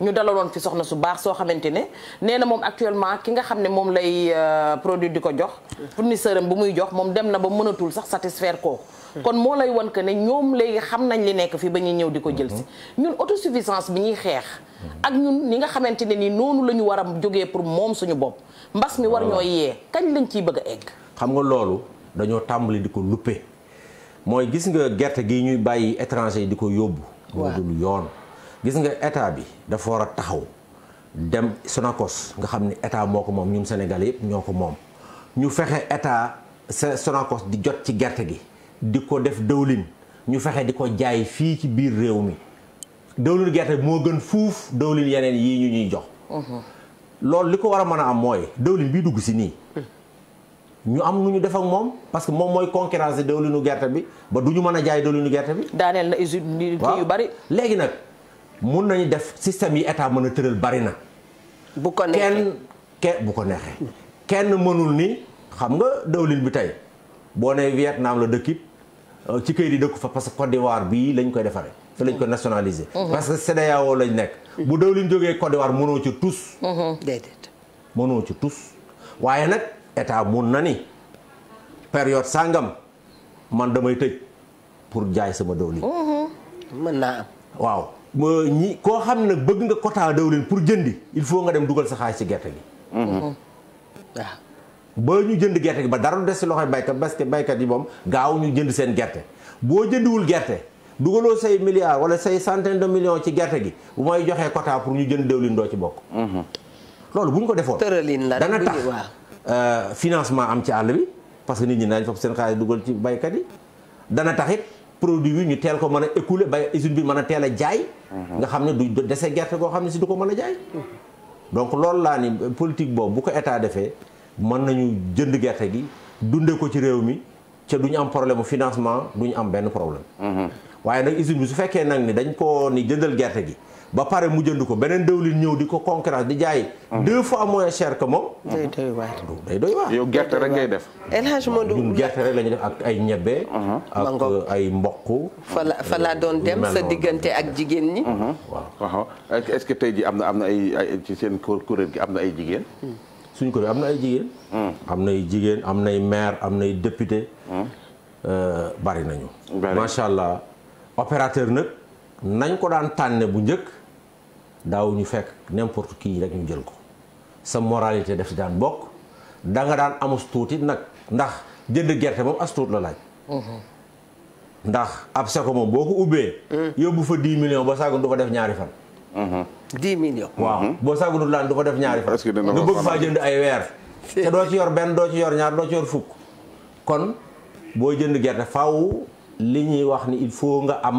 ñu dalaloon fi soxna su baax soo xamante ne nee na moom actuellement ki nga xam ne moom lay euh, produit di ko jox fournisseur am bu muy jox moom dem na ba mënatul sax satisfaire ko kon moo lay wan que ne ñoom léegi xam nañ li nekk fi ba ñuy ñëw di ko jël si ñun autosuffisance bi ñuy xeex ak ñun ni nga xamante ne ni noonu la ñu war a jógee pour moom suñu bopp mbas mi war ñoo yee kañ lañ ciy bëgg a egg xam nga loolu dañoo tàmbali di ko luppe mooy gis nga gerte gi ñuy bàyyi étranger di ko yóbbu. moo dul yoon. gis nga état bi dafa war a taxaw dem Sonacos nga xam ne état moo ko moom ñun Sénégal yëpp ñoo ko moom ñu fexe état Sonacos di jot ci gerte gi di ko def dëwlin ñu fexe di ko jaay fii ci biir réew mi dëwlin gerte bi moo gën fuuf dëwlin yeneen yi ñu ñuy jox. Mhm. loolu li ko war a mën a am mooy dëwlin bii dugg si nii. ñu am nu ñu def ak moom parce que moom mooy concurrence diwlinu gerte bi ba du ñu mën a jaay diwlinu gerte bi. daaneel na usine yu bari. léegi nag mun nañu def système yi état mën a tëral bari na. bu ko kenn kenn bu ko neexee. kenn mënul ni xam nga diwlin bi tey boo nee Vietnam la dëkkit euh, ci kayit yi dëkku fa parce que Côte d'Ivoire bii lañ koy defaree. fa lañ ko nationaliser. Mhm. parce que lañ nekk. bu diwlin jógee Côte mënoo ci tous. Mhm. déedéet waaye nag. état mun na ni période sàngam man damay tëj pour jaay sama dawlin. Mm-hmm. mën naa am. waaw ñi koo xam ne bëgg nga quota dawlin pour jëndi il faut nga dem dugal sa xaalis ci gerte gi. Mm-hmm. Mm-hmm. waaw. ba ñu jënd gerte gi ba dara du des ci loxoy baykat parce que baykat yi moom gaaw ñu jënd seen gerte boo jëndiwul gerte dugaloo say milliards wala say centaine de millions ci gerte gi bu may joxee quota pour ñu jënd dawlin doo ci bokk. loolu bu ñu ko defoon. tëralin la dana tax. Euh, financement am ci àll bi parce que nit ñi daañu fab seen xaalis dugal ci baykat yi dana taxit produit bi ñu teel ko mën a écouler ba usine bi mën a teel a jaay mhm. nga xam ne du dese gerte goo xam ne si du ko man a jaay donc loolu laa ni politique boobu bu ko état defee mën nañu jënd gerte gi dundee ko ci réew mi ca du am problème mu financement du ñu am benn problème mhm. waaye nag usine bi su fekkee nag ni dañ koo ni jëndal gerte gi ba pare mu jënd ko beneen dëwlin ñëw di ko concurrence di jaay. Mhm. deux fois moins cher que moom. day doy waar ah, day doy waar. yow gerte rek ngay def. El Hadj Modou ñun gerte rek la ñuy def ak ay ñebbe. Mhm. ak euh, ay mboq. fa la fa diggante ak jigéen ñi. Mhm. waaw est-ce que tey jii am na am na ay ci seen kuréel gi am na ay jigéen. Hmm. suñu kuréel am na ay jigéen. Hmm. am nay jigéen am nay maire am nay député. Hmm. Euh, bari nañu. macha allah opérateur nag nañ ko daan tànne bu njëkk. daaw ñu fekk kii yi rek ñu jël ko sa moralité daf si daan bokk da nga daan amus tuuti nag ndax jënd gerte moom as tuut la laaj mm-hmm. ndax ab seko moom boo ko ubbee mm-hmm. yóbbu fa 10 millions ba saagun du def ñaari fan 10 mm-hmm. millions waaw boo saagunut laan du fa def ñaari fan nga bëgg faa jënd ay weer te doo ci yor benn doo ci yor ñaar doo ci yor fukk kon boo jënd gerte faw li ñuy wax ni il faut nga am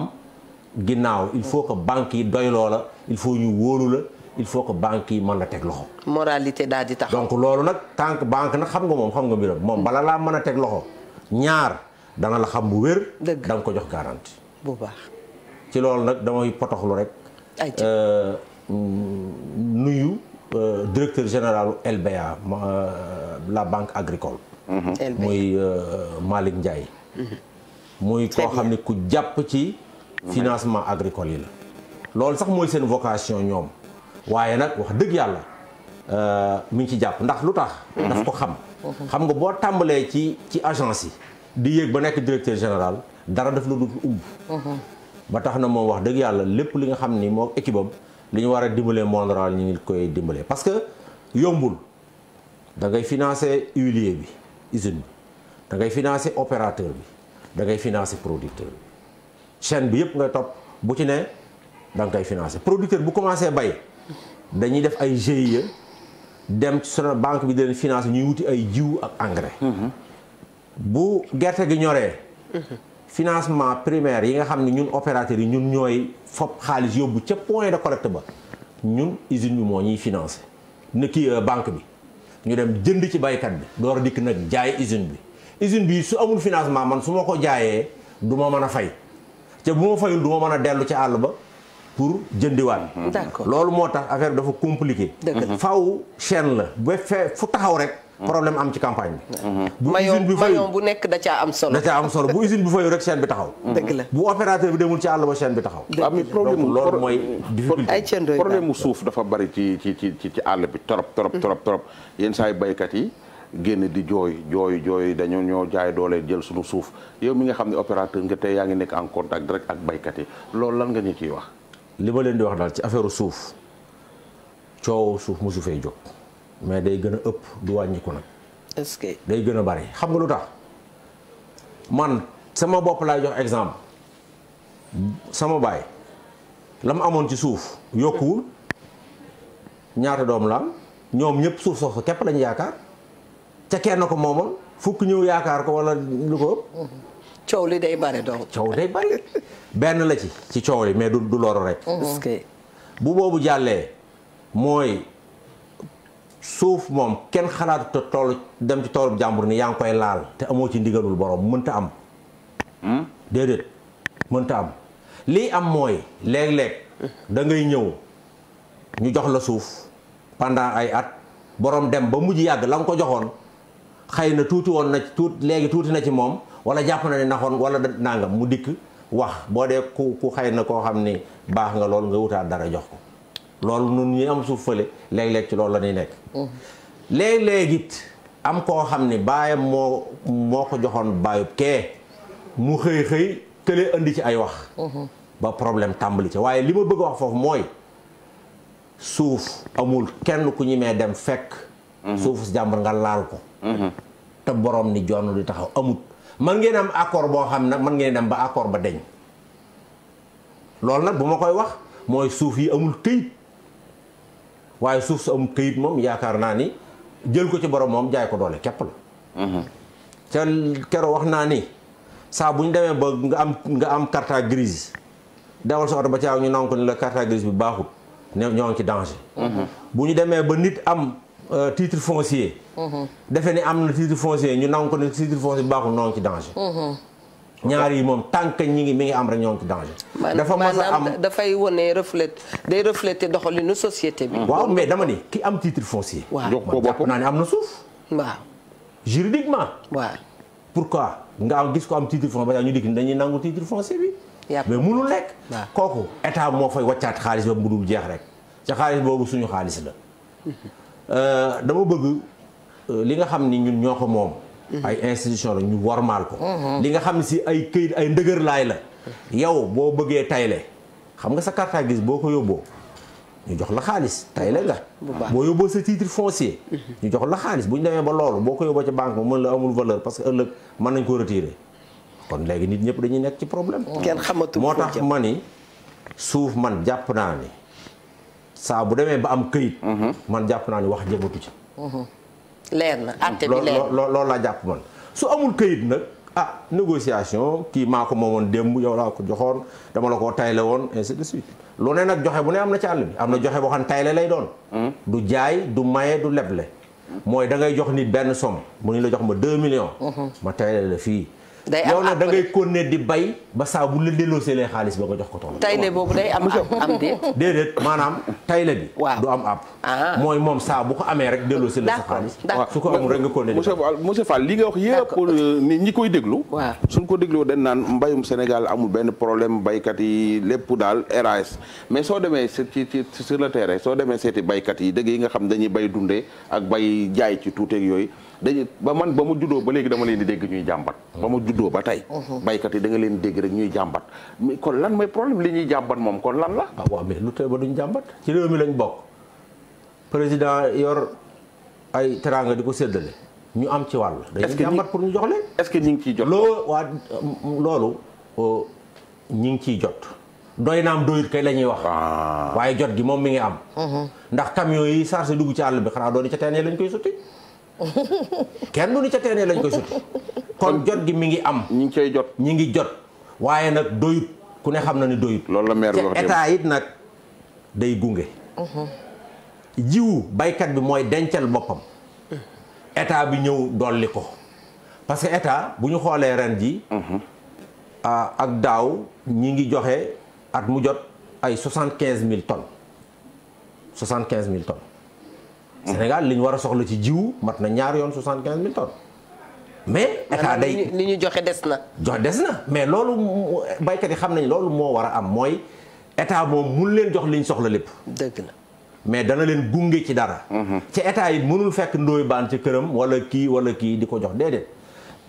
ginnaaw il faut ko banque yi doy la il faut ñu wóolu la il faut ko banque yi mën la teg loxo. moralité daal di tax. donc loolu nag tant que banque nag xam nga moom xam nga mbiram moom bala laa mën a teg loxo ñaar dana la xam bu wér. danga da ko jox garantie. bu baax ci loolu nag damay potoxlu rek. Euh, nuyu euh, directeur général LBA euh, la banque agricole. muy Malick Ndiaye. Mhm. muy koo xam ne ku jàpp ci. financement agricole yi la. loolu sax mooy seen vocation ñoom waaye nag wax dëgg yàlla euh, mi ngi ci jàpp ndax lu tax. Mhm. daf ko xam. Mhm. xam nga boo tàmbalee ci ci agence yi. di yéeg ba nekk directeur général dara daf la dul ubb. Mhm. ba tax na moom wax dëgg yàlla lépp li nga xam ni moo équipe li ñu war a dimbalee Mondoral ñu ngi koy dimbalee parce que yombul da ngay financer huilier bi usine bi da ngay financer opérateur bi da ngay financer producteur bi chaîne bi yëpp ngay topp bu ci ne. da koy financé producteur bu commencé bay dañuy def ay GIE dem ci sunu banque bi di leen ñuy wuti ay jiw ak engrais. Mhm. bu gerte gi ñoree. Mhm. financement primaire yi nga xam ne ñun opérateurs yi ñun ñooy fopp xaalis yóbbu ca point de collecte ba ñun usine bi moo ñuy financé ne kii euh, banque bi ñu dem jënd ci baykat bi door a dikk nag jaay usine bi usine bi su amul financement man su ma ko jaayee du ma mën a fay te bu ma fayul du ma mën a dellu ci àll ba. pour jëndiwaan. d'accord loolu moo tax affaire bi dafa compliqué. faaw chaîne la ba fee fu taxaw rek. Mm-hmm. problème am ci campagne bi. Mm-hmm. bu usine bi fayu bu nekk da caa am solo. da caa am solo bu usine bi fayu rek chaîne bi taxaw. Mm-hmm. dëgg la bu opérateur bi demul ci àll ba chaîne bi taxaw. dëgg ah, problème mu loolu mooy difficulté problème mu suuf dafa bari ci ci ci ci àll bi trop trop trop trop yenn saa yu baykat yi. génn di jooy jooy jooy dañoo ñoo jaay doole jël suñu suuf yow mi nga xam ne opérateur nga tey yaa ngi nekk en contact direct ak baykat yi loolu lan nga ñu ciy wax. li ma leen di wax daal ci affaire suuf coow suuf mosu fee jóg mais day gën a ëpp du wàññiku nag. est-ce que day gën a bari xam nga lu tax man sama bopp laay jox exemple sama baay la mu amoon ci suuf yokkuwul ñaata doom la ñoom ñëpp suuf soosu képp lañ yaakaar ca kenn ko moomoon fukk ñëw yaakaar ko wala lu ko ëpp. coow li day bari donc. coow day bare benn la ci ci coow li mais du du loru rek. Mhm. bu boobu jàllee mooy suuf moom kenn xalaatu te tool dem ci toolu jàmbur ni yaa ngi koy laal te amoo ci ndigalul borom mënta am. Hmm? déedéet mënta am lii am mooy léeg-léeg da ñëw ñu jox la suuf pendant ay at boroom dem ba mujj yàgg la nga ko joxoon xëy na tuuti woon na tuut léegi tuuti na ci moom. wala jàpp na ne naxoon wala nangam mu dikk wax boo dee ku ku xëy na koo xam ni baax nga lool nga wutaat dara jox ko loolu nun ñi am suuf fële léeg-léeg ci lool la ñuy nekk mm-hmm. léeg-léeg am koo xam ni baayam moo moo ko joxoon baayub kee mu xëy xëy kële andi ci ay wax mm-hmm. ba problème tàmbali ci waaye li ma bëgg wax foofu mooy suuf amul kenn ku ñi mee dem fekk mm-hmm. suufu si jàmbur nga laal ko te borom ni jonn di taxaw amut man ngeen am accord boo xam nag man ngeen dem ba accord ba deñ loolu nag bu ma koy wax mooy suuf yi amul këyit waaye suuf su amul këyit moom yaakaar naa ni jël ko ci borom moom jaay ko doole képp la ca mhm. kero wax naa ni saa bu ñu demee ba nga am nga am carte grise dawal sa oto ba caaw ñu nangu ko ni la carte grise bi baaxut ne ñoo ngi ci danger mhm. bu ñu demee ba nit am euh, titre foncier defe ne am na titre foncier ñu nangu ko ne titre foncier baaxul noo ngi ci danger. ñaar yi moom tant que ñi ngi mi ngi am rek ñoo ngi ci danger. dafa mën a am dafay wane reflète day refléter doxalinu société bi. waaw mais dama ni ki am titre foncier. waaw naa ne am na suuf. waaw. juridiquement. pour pourquoi nga am gis ko am titre foncier ba ñu dikk dañuy nangu titre foncier bi. mais munul lekk kooku état moo fay waccaat xaalis ba mu dul jeex rek. ca xaalis boobu suñu xaalis la. Mhm. Euh, Euh, li nga xam ni ñun ñoo ko moom. ay institution la ñu wormaal ko. Mhm. li nga xam si ay këyit ay ndëgër laay la. yow boo bëggee tayle xam nga sa carte grise boo ko yóbboo ñu jox la xaalis tayle nga. boo yóbboo sa titre foncier. Mhm. ñu jox la xaalis bu ñu demee ba loolu boo ko yóbboo ca banque ba mën la amul valeur parce que ëllëg mën nañ ko retirer kon léegi nit ñëpp dañuy nekk ci problème. kenn xamatul moo tax ma ni suuf man jàpp naa ni saa bu demee ba am këyit. Mhm. man jàpp naa ni wax jëmatu ci. leer na àtte bi leer na loolu laa jàpp man su amul kayit nag a ah, négociation kii maa ko moomoon démb yow laa ko joxoon dama la koo tayle woon ainsi de suite lu ne nag joxe bu ne am na ci àll bi am na joxe boo xam tayle lay doon hmm. du jaay du maye du leble hmm. mooy da ngay jox ni benn somme mu ni la jox ma deux millions hmm. ma tayle la fii day am dangay nag da di bay ba saabu bu la delloosee lay xaalis ba nga jox ko tool. tayle boobu day am am maanaam tayle waaw du am ab. Ah. mooy moom saa amee rek delloosee la sa xaalis. su ko amul rek nga continuer di bay. monsieur Fall li nga wax yëpp euh, ni ñi koy déglu. waaw ko dégloo dañ naan mbayum Sénégal amul benn problème baykat yi lépp daal RAS mais soo demee ci ci sur le terrain soo demee seeti baykat yi dëgg yi nga xam dañuy bay dunde ak bay jaay ci tuuteek yooyu. dañuy ba man ba mu juddoo ba léegi dama leen di dégg ñuy jàmbat ba mu juddoo ba tey mhm. baykat yi danga leen dégg rek ñuy jàmbat kon lan mooy problème li ñuy jàmbat moom kon lan la ah, waaw mais lu tey ba duñ jàmbat ci réew mi lañ bokk président yor ay teraanga di ko séddale ñu am ci wàll dañuy jàmbat pour ñu jox leen est-ce que ñi ngi ciy jot loo loolu ñi ngi ciy jot doy naam doyut kay la ñuy wax ah. waaye jot gi moom mu ngi am mhm. ndax camion yi sarse dugg ci àll bi xanaa doon ca teen lañ kenn du ni ca teenee lañ koy suti kon jot gi mi ngi am. ñi ngi cay jot ñi ngi jot. waaye nag doyut ku ne xam na ni doyut. loolu la maire bi wax état it nag day gunge. jiwu baykat bi mooy dencal boppam. état bi ñëw dolli ko parce que état bu ñu xoolee ren ji mhm. ak daaw ñi ngi joxe at mu jot ay soixante quinze mille tonnes soixante mille tonnes Sénégal li ñu war a soxla ci jiw mat na ñaar yoon soixante quinze mille mais état day li ñu joxe des na. joxe des na mais loolu baykat yi xam nañ loolu moo war a am mooy état moom mun leen jox liñ soxla lépp. dëgg la mais dana leen gunge ci dara. Mhm. ci état yi mënul fekk ndooy baan ci këram wala kii wala kii di ko jox déedéet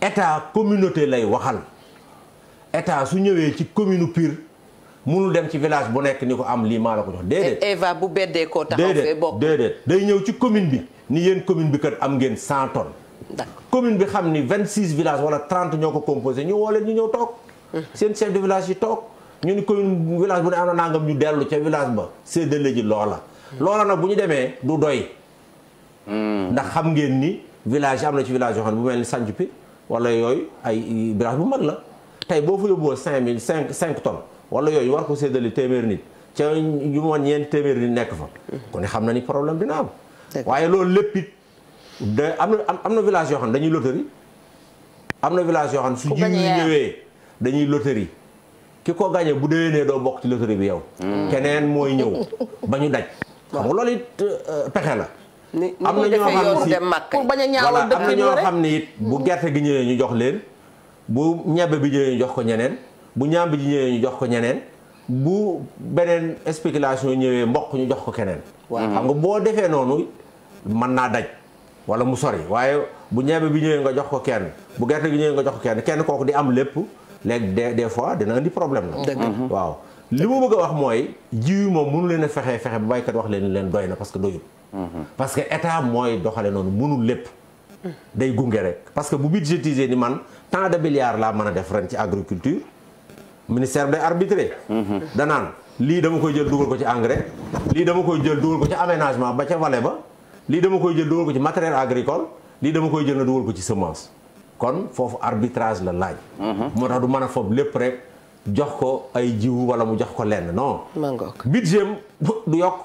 état communauté lay waxal état su ñëwee ci commune Pire. munul dem ci village bu nekk ni ko am lii maa la ko jox déedéet. E- Eva bu beddee koo taxaw fee bokk déedéet day ñëw ci commune bi ni yéen commune bi kat am ngeen 100 tonnes. d'accord commune bi xam ni 26 villages wala 30 ñoo ko composé ñu woo leen ñu ñëw toog. seen chef de village yi toog ñu ni commune village bu ne am na nangam ñu dellu ca village ba séddale ji loola. loola nag bu ñu demee du doy. ndax xam ngeen ni village am na ci village yoo xam ne bu mel ni Sanjupi wala yooyu ay village bu mag la tey boo fa yóbboo 5000 5 5 tonnes. wala yooyu war ko séddale téeméer nit ca ñu ma ñeenti téeméer nit nekk fa. kon xam na ni problème dina am. waaye loolu lépp it da am na am na village yoo xam ne dañuy loterie na village yoo xam ne su jiw yi ñëwee dañuy loterie ki ko gañe bu déwénee doo bokk ci loterie bi yow. Hmm. keneen mooy ñëw ba ñu daj. xam nga loolu it euh, pexe la. am na ñoo xam si bañ a ñaawal dëkk am na ñoo xam bu hmm. gerte gi ñëwee ñu jox leen bu ñebe bi ñëwee ñu jox ko ñeneen. bu ñàmb ji ñëwee ñu jox ko ñeneen bu beneen spéculation ñëwee mboq ñu jox ko keneen. waaw xam nga boo defee noonu mën naa daj. wala mu sori waaye bu ñebe bi ñëwee nga jox ko kenn bu gerte gi ñëwee nga jox ko kenn kenn kooku di am lépp léegi des des fois dina indi problème na mm-hmm. waaw li mu bëgg a wax mooy jiw moom mënu leen a fexe fexe bu baykat wax leen leen doy na parce que doyul. Mm-hmm. parce que état mooy doxale noonu mënul lépp. Mm. day gunge rek parce que bu budgétiser ni man tant de milliards laa mën a def ren ci agriculture. ministère day arbitré. danaan lii dama koy jël dugal ko ci engrais lii dama koy jël dugal ko ci aménagement ba ca vallée ba lii dama koy jël dugal ko ci matériel agricole lii dama koy jël na dugal ko ci semence kon foofu arbitrage la laaj mhm. moo tax du man a fob lépp rek jox ko ay jiwu wala mu jox ko lenn non budget du yokk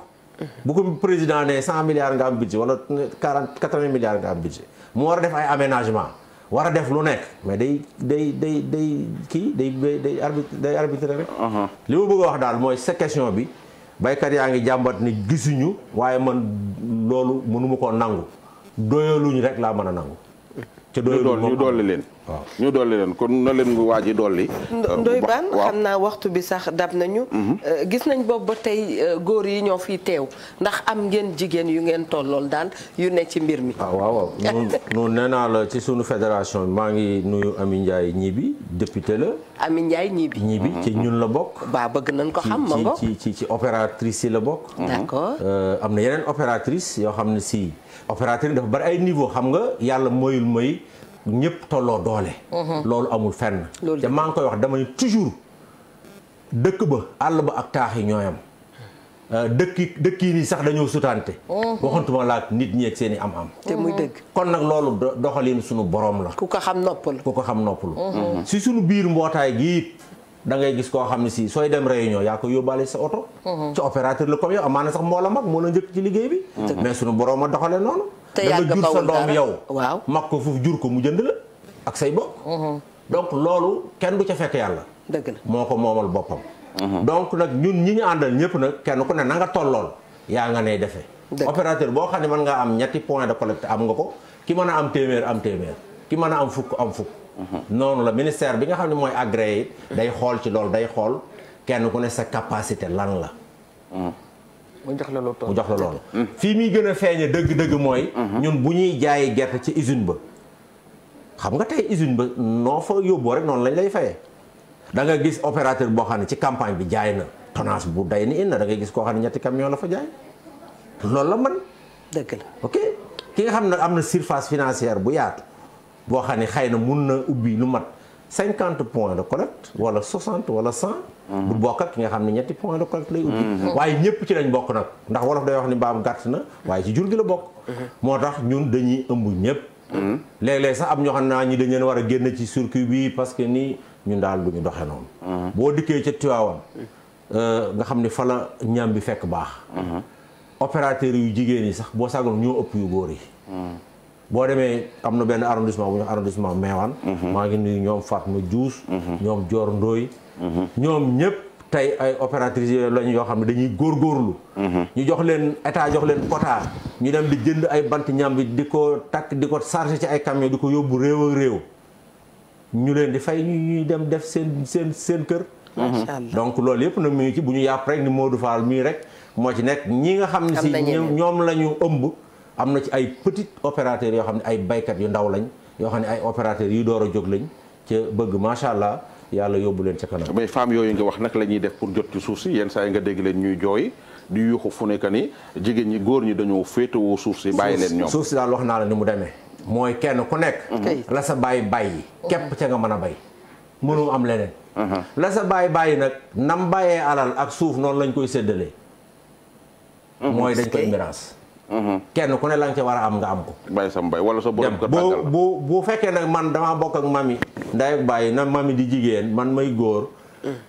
bu ko président ne cent milliards nga am budget wala quarante quatre-vingts milliards nga am budget mu war a def ay aménagement war a def lu nekk mais day day day day kii day day arbitre day arbitre rek. Uh-huh. li ma bëgg a wax daal mooy sa question bi baykat yaa ngi jàmbat ni gisuñu waaye man loolu mënuma koo nangu doyaluñu rek laa mën a nangu. te doyul ñu dolli leen waaw ñu dolli leen kon na leen ngu waaj a dolli. Euh, ndoy baan xam naa waxtu bi sax dab nañu. Mhm. Euh, gis nañ boobu ba tey euh, góor yi ñoo fiy teew ndax am ngeen jigéen yu ngeen tollool daal yu ne ci mbir mi. Ah, waaw waaw noonu nee naa la ci suñu fédération maa ngi nuyu Ami Ndiaye ñibbi député la. Ami Ndiaye ñibi ñibi ci mhm. ñun la bokk. baa bëgg nañ ko xam ma nga ci ci ci yi la bokk. d'accord am na yeneen opératrice yoo xam ne si. opérateur yi dafa bari ay niveau xam nga yàlla moyul moy ñëpp tolloo doole. Mhm. loolu amul fenn. te maa ngi koy wax dama ne toujours dëkk ba àll ba ak taax yi ñooyam euh, dëkk dëkk yi nii sax dañoo sutante. Mhm. waxantuma laa nit ñi ak seen am-am. te muy dëgg. kon nag loolu doxalin sunu borom la. ku ko xam noppalu ku ko xam noppalu. Mhm. si suñu biir mbootaay gi da ngay gis koo xam ne si sooy dem réunion yaa ko yóbbaale sa oto. Mhm. ci opérateur la comme yow amaana sax moo la mag moo la njëkk ci liggéey bi. Mhm. mais su borom a doxalee noonu. te yàgg da nga jur sa doom yow. waaw mag ko foofu jur ko mu jënd la ak say bokk. Mhm. donc loolu kenn du ca fekk yàlla. dëgg la moo ko moomal boppam. donc nag ñun ñi ñu àndal ñëpp nag kenn ku ne nanga nga tollool yaa nga ne defee. opérateur boo xam ne mën ngaa am ñetti point de collecte am nga ko ki mën a am téeméer am téeméer ki mën am fukk am fukk. Mm-hmm. noonu la ministère bi nga xam ne mooy agréé day xool ci loolu day xool kenn ku ne sa capacité lan la mm-hmm. mu jox la loolu mu jox la loolu mm-hmm. fii muy gën a feeñe dëgg-dëgg mooy ñun bu ñuy jaayee gerte ci usine ba xam nga tey usine ba noo fa yóbboo rek noonu lañ lay fayee da nga gis opérateur boo xam ne ci campagne bi jaay na tonnage bu day ni inna da ngay gis koo xam ne ñetti camion la fa jaay loolu la man dëgg la ok ki nga xam ne am na surface financière bu yaatu boo xam ne xëy na mun na ubbi lu mat cinquante point de collecte wala soixante wala cent mhm. du bokk ak ki nga xam ne ñetti point de collecte lay ubbi mhm. waaye ñëpp ci lañ bokk nag ndax wolof day wax ni mbaam gàtt na waaye ci jur gi la bokk mhm. moo tax ñun dañuy ëmb ñëpp léeg-léeg sax am ñoo xam naa ñi dañ leen war a génn ci circuit bi parce que nii ñun daal du ñu doxe noonu boo dikkee ca Tivaouane euh, nga xam ni fa la ñaam bi fekk baax opérateur yu jigéen yi sax boo sàggoon ñoo ëpp yu góor yi boo demee am na benn arrondissement bu ñu arrondissement Mewane mhm. maa ngi nuyu ñoom Fatma Diouf mhm. ñoom Dior Ndoye mhm. ñoom ñëpp tey ay opératrices yooyu lañu yoo xam ne dañuy góorgóorlu ñu jox leen état jox leen quota ñu dem di jënd ay bant ñambi di ko takk di ko chargé ci ay camion di ko yóbbu réew ak réew ñu leen di fay ñuy dem def seen seen seen kër donc loolu yëpp nag mu ngi ci bu ñu yàpp rek ni Modou Fall mii rek moo ci nekk ñi nga xam ne si ñoom lañu ñu am na ci ay petits opérateurs yoo xam ne ay baykat yu ndaw lañ yoo xam ne ay opérateurs yu door a jóg lañ ca bëgg macha allah yàlla yóbbu leen ca kanam. yooyu nga wax nag la def pour jot suuf si yenn saa yi nga leen ñuy jooy di yuuxu fu nekk ni jigéen ñi góor ñi dañoo féetewoo suuf si. bàyyi leen ñoom si daal wax naa la mu demee. mooy kenn ku nekk. la sa bàyyi bàyyi. képp ca nga mën a bay. mënoo am leneen. Uh-huh. la sa bàyyi bàyyi nag nam bàyyee alal ak suuf noonu lañ koy séddalee. Uh-huh. mooy dañ koy miraas. Mhm. kenn ku ne la ca war a am nga am ko. bàyyi sa mbay wala sa borom kër bu bu bu fekkee nag man damaa bokk ak mami. nday ak bàyyi na mami di jigéen man may góor.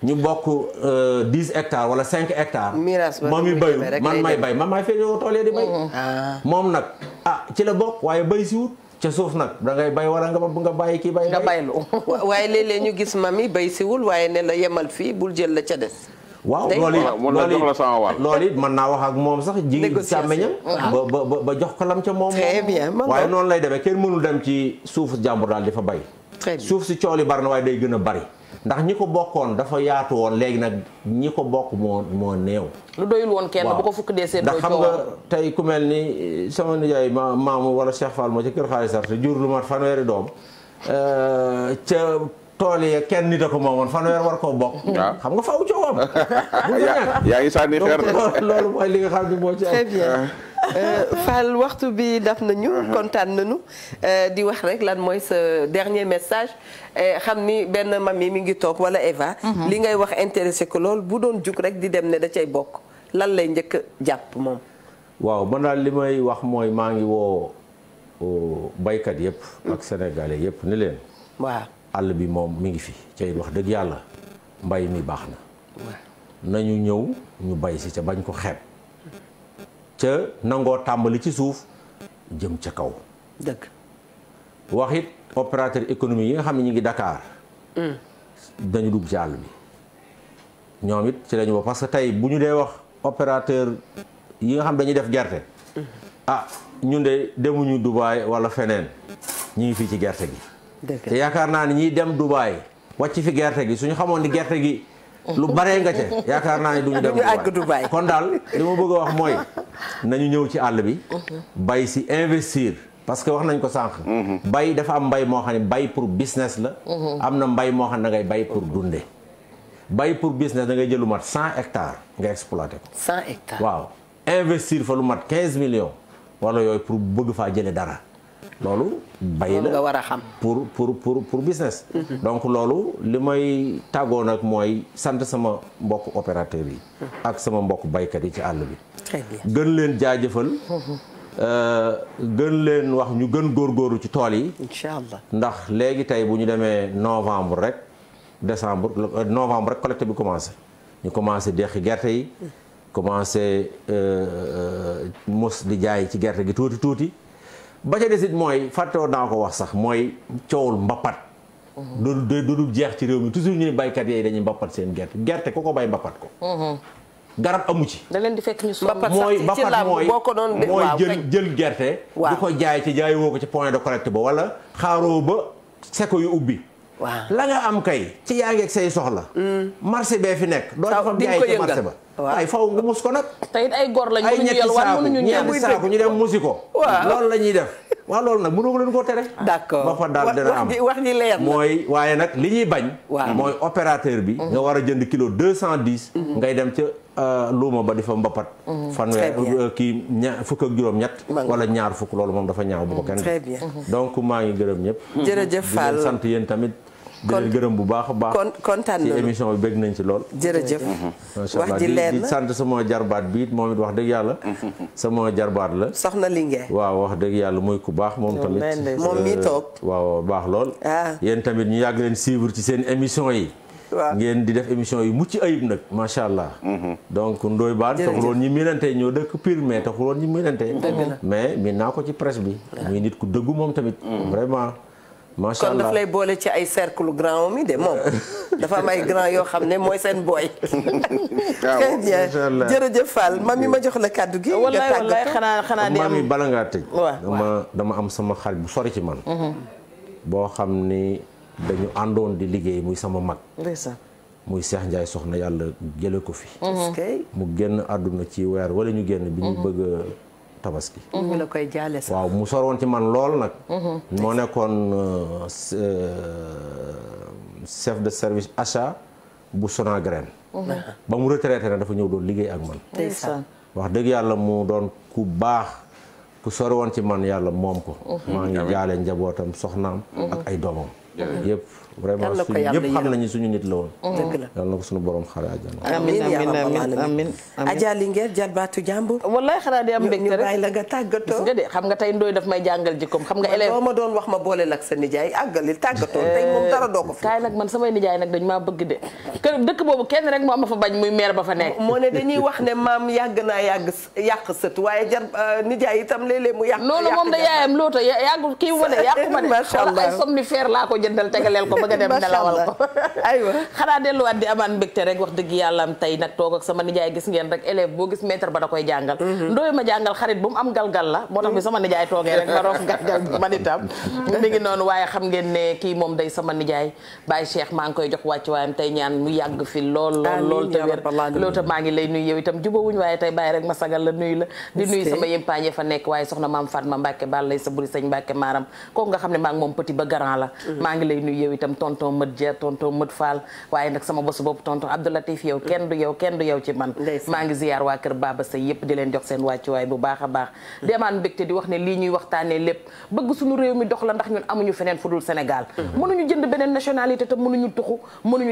ñu bokk euh, dix hectares wala cinq hectares. miiras moom mi bayu man may bay man maay feeñoo tool yi di bay. Mhm. Ah. moom nag ah ci la bokk waaye bay si ca suuf nag da ngay bay wala nga nga bàyyi kii bay. nga baylu waaye léeg ñu gis mami bay siwul waaye ne la yemal fii bul jël la ca des. waaw loolu it loolu it mën naa wax ak moom sax jigéen càmmeñam ba ba ba jox ko lam ca moom waaye noonu lay demee kenn mënul dem ci suuf jàmbur daal di fa bay suuf si cool yi bari na waaye day gën a bari ndax ñi ko bokkoon dafa yaatu woon léegi nag ñi ko bokk moo moo néew. lu doyul woon kenn bu ko fukk dee seen. ndax xam nga tey ku mel ni eh, sama nijaay ma maamu wala Cheikh Fall moo ci kër xaalis jur lu mat fanweeri doom eh, ca. tool yi kenn nit a moom moomoon fanweer war koo bokk. xam nga fa coow am. yaa ngi sànni xeer loolu mooy li nga xam ne moo ci am. Euh, waxtu bi daf nañu. Mm-hmm. kontaan nañu euh, di wax rek lan mooy sa dernier message euh, xam ni benn mami mi ngi toog wala Eva. Mm-hmm. li ngay wax intéressé ko lool bu doon jug rek di dem ne da cay bokk lan lay njëkk jàpp moom. waaw man daal li may wax mooy maa ngi woo baykat yëpp. ak sénégalais yëpp ni leen. waaw. àll bi moom mi ngi fi cay wax dëgg yàlla mbay mi baax na nañu ñëw ñu bay si ca bañ ko xeeb ca nangoo tàmbali ci suuf jëm ca kaw dëgg wax it opérateur économique yi nga xam ne ñu ngi dakaar mm. dañu dugg ci àll bi ñoom it ci lañu wax parce que tey bu ñu dee wax opérateur yi nga xam dañuy def gerte mm. ah ñun de demuñu Dubaay wala feneen ñi ngi fii ci gerte gi te yaakaar naa ni ñiy dem Dubaay wàcc fi gerte gi suñu xamoon ni gerte gi lu baree nga ca yaakaar naa ni duñu dem Dubaay kon daal li ma bëgg wax mooy na ñu ñëw ci àll bi bay si investir parce que wax nañ ko sànq bay dafa am mbay moo xam ne bay pour business la am na mbay moo xam ne da ngay bay pour dunde bay pour business da ngay jël lu mat cent hectares nga exploité ko waaw investir fa lu mat quinze millions wala yooyu pour bëgg faa jële dara loolu bay la war a xam pour pour pour pour business mhm. donc loolu li may tàggoo nag mooy sant sama mbokk opérateur yi ak sama mbokk baykat yi ci àll bi gën leen jaajëfal mhm. euh, gën leen wax ñu gën góor góoru ci tool yi incha allah ndax léegi tey bu ñu demee novembre rek décembre euh, novembre rek collecte bi commencé ñu commencé deqi gerte yi mm. commencé euh, mos di jaay ci gerte gi tuuti tuuti ba ca desit mooy fàttewoon naa ko wax sax mooy coowul mbappat du du du jeex ci réew mi toujours ñu ne baykat yooyu dañuy mbappat seen gerte gerte ku ko bay mbappat ko mhm. garab amu ci. da leen di fekk ñu soxla mooy mbappat mooy mooy jël jël gerte. du ko jaay ci jaay woo ko ci point de collecte ba wala xaaroo ba seko yu ubbi. la nga am kay ci yaa ngeeg say soxla mm. marché bee fi nekk doo fa jaay ci marché ba waaw faw nga mus ko nag te it ay góor lañu ay ñetti saaku ñeenti saaku ñu leen koo tere d'accord ba fa daal dina am wax ji leer mooy waaye nag li ñuy bañ mooy opérateur bi mm-hmm. nga war a jënd kilo deux cent dix mm-hmm. ngay dem ca euh, luuma ba di fa mbapat mm-hmm. fanweer euh, kii ña fukk ak juróom ñett wala ñaar fukk loolu moom dafa ñaaw bu kenn donc maa ngi gërëm ñëpp jërëjëf Fall sant yéen tamit di leen gërëm bu baax a baax kon kontaan ci émission bi bégg nañ ci lool. jërëjëf a ji leer na di sant sama bi it moom it wax dëgg yàlla. sama jarbaat la. soxna Linguère. waaw wax dëgg yàlla muy ku baax moom tamit. moom mi euh, toog. waaw baax lool. Ah. yéen tamit ñu yàgg leen suivre ci seen émission yi. waaw ngeen di def émission yu mucc ayib nag macha allah. Mm-hmm. donc Ndoye Bane taxuloon ñi miinante ñoo dëkk Pire mais taxuloon ñi miinante. mais miin naa ko ci presse bi. muy nit ku dëggu moom tamit. Mm. vraiment. macha allah kon daf boole ci ay cercle grand mi de moom dafa am ay grand yoo xam ne mooy seen booy. waaw très bien jërëjëf Fall ma jox la kàddu gi. nga tàggatoo wallaay xanaa xanaa di am bala ngaa tëj. dama dama am sama xarit bu sore ci man. Mhm. boo xam ni dañu àndoon di liggéey muy sama mag. muy Cheikh Ndiaye soxna yàlla jële ko fi. Mhm. mu génn àdduna ci weer wala ñu génn. bi ñu mhm. bëgg tabaski. ñu la koy jaale sax waaw mu soroon ci man lool nag. Mhm. moo nekkoon euh, euh, chef de service achat bu Sonagraine. Mhm. ba mu retraité na dafa ñëw doon liggéey ak man. wax dëgg yàlla mu doon ku baax ku sori woon ci man yàlla moom ko. Mhm. maa ngi jaale njabootam soxnaam. ak ay doomam yëpp. vraiment suñu ñëpp nit la woon. Mm. la yal suñu borom xare àjjana. amiin amiin amiin Adja Linguère jarbaatu jàmbur. wallaay xanaa di am mbégte rek ñu la nga tàggatoo. nga xam nga tey ndooy daf may jàngal jikkoom xam nga. élève ma doon wax ma boole lak sa nijaay àggalil tàggatoo tey moom dara doo ko fi. Eh, kaay man samay nijaay nag dañ maa bëgg de. kër dëkk boobu kenn rek moo ma fa bañ muy meer ba fa nekk. moo ne dañuy wax ne maam yàgg naa yàgg yàq sët waaye jar euh, nijaay itam léeg-léeg mu yàq. yàq jafe noonu moom da yaayam looto yàggu kii wane yàqu ma de. macha allah ay somnifère laa ko jëndal tegaleel ko bëgg a dem nelawal ko aywa xanaa delluwaat di amaan mbégte rek wax dëgg yàlla am tey nag toog ak sama nijaay gis ngeen rek élève boo gis maître ba da koy jàngal mhm. ndooyu ma jàngal xarit bu mu am galgal la moo tax bi sama nijaay toogee ma roof galgal waaye xam ngeen ne kii moom day sama nijaay Baye Cheikh maa ngi koy jox wàcc waayam tey ñaan mu yàgg fi lool lool lool te wér loolu te maa ngi lay nuyu yow itam jubawuñ waaye tey bàyyi rek ma sagal la nuyu la di nuyu sama yëmpaañe fa nekk waaye soxna maam Fatma Mbàkke bal lay sa buri sëñ Mbàkke maaram kooku nga xam ne maa ngi moom petit la mhm. maa ngi lay nuyu itam tonton Mët Dia tonton Mët Fall waaye nag sama bosu bopp tonton Abdoulatif yow kenn du yow kenn du yow ci man maa ngi ziyaar waa kër Baba Seye yëpp di leen jox seen wàccuwaay bu baax a baax demaan mbégte di wax ne lii ñuy waxtaanee lépp bëgg suñu réew mi dox la ndax ñun amuñu feneen fu dul Sénégal mm-hmm. mënuñu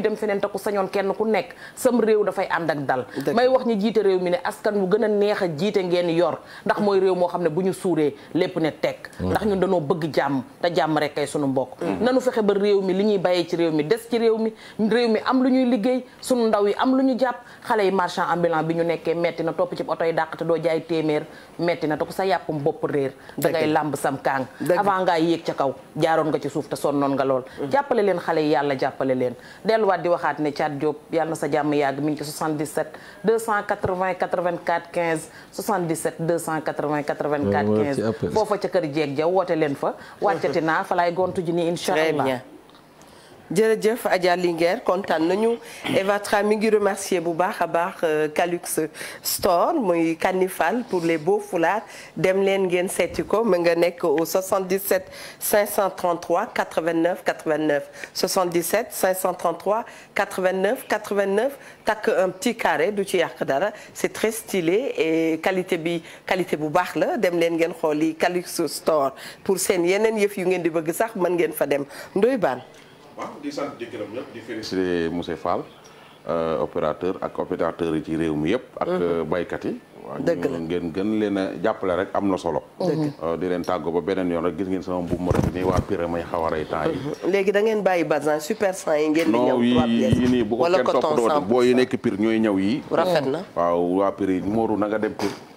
dem feneen te ku sañoon kenn ku nekk sam réew dafay ànd ak dal may wax ñi jiite réew mi ne askan wu gën a neex a jiite ngeen yor ndax mooy réew moo xam ne bu ñu suuree lépp ne tekk mm-hmm. ndax ñun dañoo bëgg jàmm te jàmm rek kay suñu mbokk mm-hmm. ñuy bayee ci réew mi des ci réew mi réew mi am lu ñuy liggéey sunu ndaw yi am lu ñu jàpp xale yi marchand ambulant bi ñu nekkee metti na topp ci oto yi dàq te doo jaay téeméer metti na te ku sa yàppum bopp réer da làmb sam kaang avant ngaa yéeg ca kaw jaaroon nga ci suuf te sonnoon nga lool mm. jàppale leen xale yi yàlla jàppale leen delluwaat di waxaat ne Thiat Diop yàlla na sa jàmm yàgg mi ngi ci 77 280 84 15 77 280 84 15 jërëjëf Adja Linguère kontaan nañu Eva Tra mi ngi remercier bu baax a baax euh, Calux Store muy Kanifal pour les beaux foulards dem leen ngeen seeti ko mu nga nekk au 77 533 89 89 77 533 89 89 takk un petit carré du ci yàq dara c'est très stylé et qualité bi qualité bu baax la dem leen ngeen xooli Calux Store pour seen yeneen yëf yu ngeen di bëgg sax mën ngeen fa dem ndoy baan waaw di sant di gërëm ñëpp di félicité monsieur Fall euh, opérateur ak opérateur yi ci réew mi yëpp. ak mhm. euh, baykat yi. dëgg la ngeen gën leen a jàppale rek am na solo. Euh, di leen tàggoo ba beneen yoon rek gis ngeen sama mbuum rek nii waa Pire may xaw a rey temps yi. Mhm. léegi da ngeen bàyyi bazin super cent yi ngeen di ñëw. trois pièces yi nii ko kenn toppatoo boo yi nekk Pire ñooy ñëw yi. rafet na waaw waa Pire yi Mooru nanga dem Pire.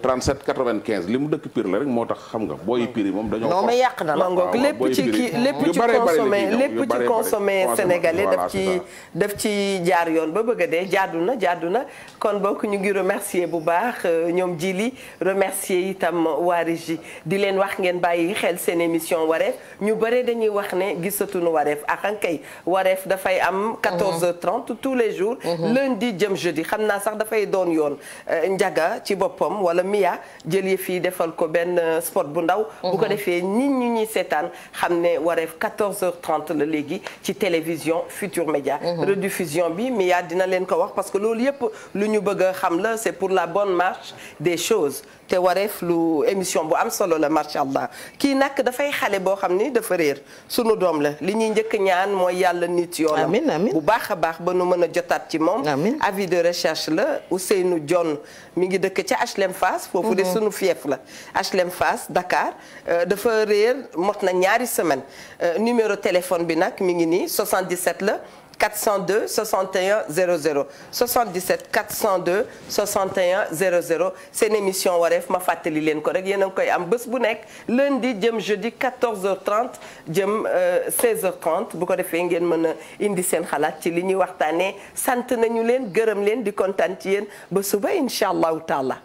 37 95 li mu dëkk Pire la rek moo tax xam nga booy Pire moom dañoo. non mais yàq na la ngoog lépp ci ki lépp ci consommé lépp ci ci jaar yoon ba bëgg de dee na jaadu na kon bokk ñu ngi remercier bu baax euh, ñoom li remercier itam waa régie di leen wax ngeen bàyyi xel seen émission wareef ñu bare dañuy wax ne gisatuñu wareef akankay ah, wareef dafay am 14h30 tous les jours mhm. lundi jëm jeudi xam naa sax dafay doon yoon euh, njaga ci boppam wala Mia jël yëf yi defal ko benn euh, spot bu ndaw. bu ko mhm. defee nit ñi ñuy seetaan xam ne wareef 14h30 la léegi ci télévision Futur Média. Mhm. rediffusion bi Mia dina leen ko wax parce que loolu yëpp lu ñu bëgg a xam la c'est pour la bonne marche des choses. te wareef lu émission bu am solo la macha allah kii nag dafay xale boo xam ni dafa réer sunu doom la li ñuy njëkk ñaan mooy yàlla nit yoonam bu baax a baax ba nu mën a jotaat ci moom avis de recherche la u seenu Dione mi ngi dëkk ca HLM Fass foofu de mhm. suñu fief la HLM Fass Dakar euh, dafa réer mot na ñaari semaine euh, numéro téléphone bi nag mi ngi nii 77 la 402 61 00 77 402 61 00 seen émission wareef ma fàttali leen ko rek yéen a ngi koy am bés bu nekk lundi jëm jeudi 14h30 jëm 16h30 euh, bu ko defee ngeen mën a indi seen xalaat ci li ñuy waxtaanee sant nañu leen gërëm leen di kontaan ci yéen ba suba incha allahu taala.